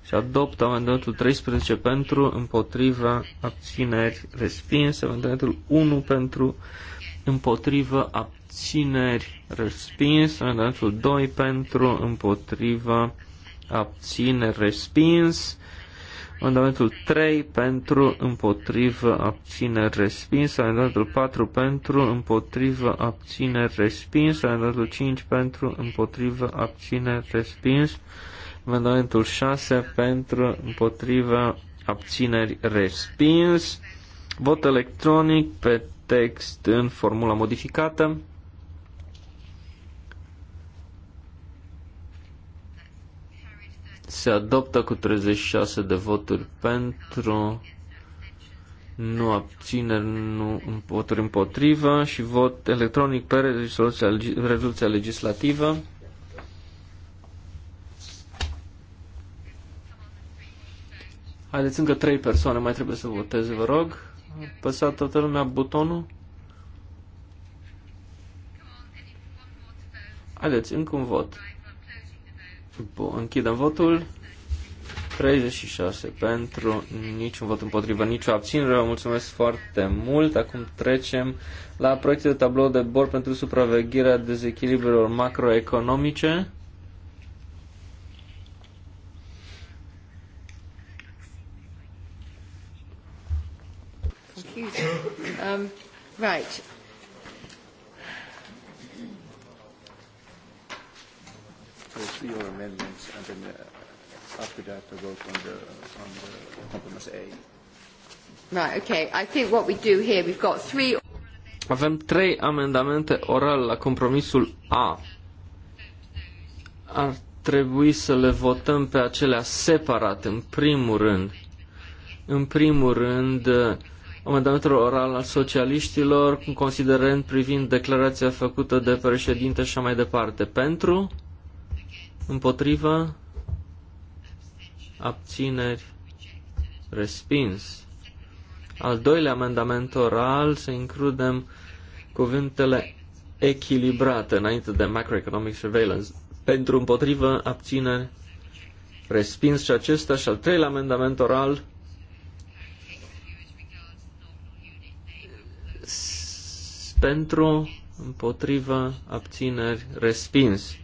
se adoptă amendamentul 13 pentru, împotriva, abțineri, respins. Amendamentul 1 pentru, împotriva, abțineri, respins. Amendamentul 2 pentru, împotriva, abțineri, respins. Amendamentul 3 pentru, împotrivă, abțineri, respins. Amendamentul 4 pentru, împotrivă, abțineri, respins. Amendamentul 5 pentru, împotrivă, abțineri, respins. Amendamentul 6 pentru, împotrivă, abțineri, respins. Vot electronic pe text în formula modificată. se adoptă cu 36 de voturi pentru, nu abțineri, nu voturi împotrivă și vot electronic pe rezoluția, rezoluția legislativă. Haideți încă trei persoane, mai trebuie să voteze, vă rog. Păsat toată lumea butonul. Haideți, încă un vot. Bun, închidem votul. 36 pentru, niciun vot împotrivă, nicio abținere. Vă mulțumesc foarte mult. Acum trecem la proiectul de tablou de bord pentru supravegherea dezechilibrelor macroeconomice. Um, right. for three other amendments, and then uh, after that the vote on the, on the compromise A. Right, okay. I think what we do here, we've got three... Avem trei amendamente oral la compromisul A. Ar trebui să le votăm pe acelea separat, în primul rând. În primul rând, uh, amendamentul oral al socialiștilor, considerând privind declarația făcută de președinte și mai departe. Pentru? împotriva abțineri, respins. Al doilea amendament oral să includem cuvintele echilibrate înainte de macroeconomic surveillance. Pentru împotrivă, abțineri, respins și acesta și al treilea amendament oral pentru, împotrivă, abțineri, respins.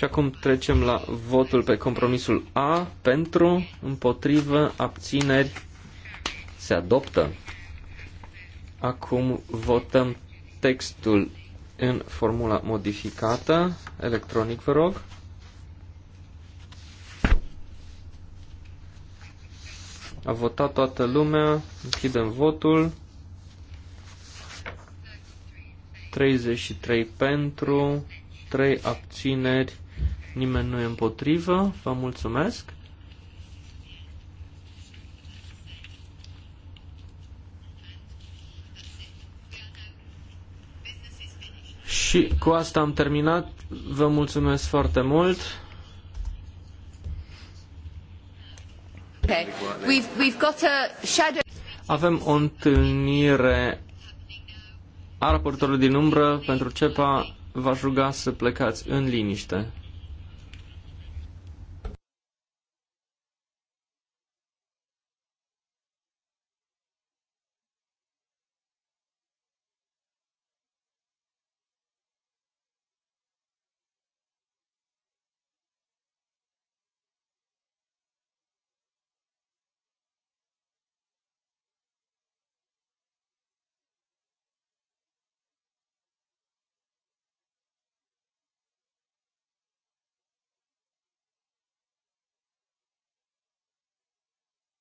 Și acum trecem la votul pe compromisul A, pentru, împotrivă, abțineri, se adoptă. Acum votăm textul în formula modificată, electronic vă rog. A votat toată lumea, închidem votul. 33 pentru, 3 abțineri, Nimeni nu e împotrivă. Vă mulțumesc. Și cu asta am terminat. Vă mulțumesc foarte mult. Avem o întâlnire a raportorului din umbră pentru CEPA. V-aș ruga să plecați în liniște.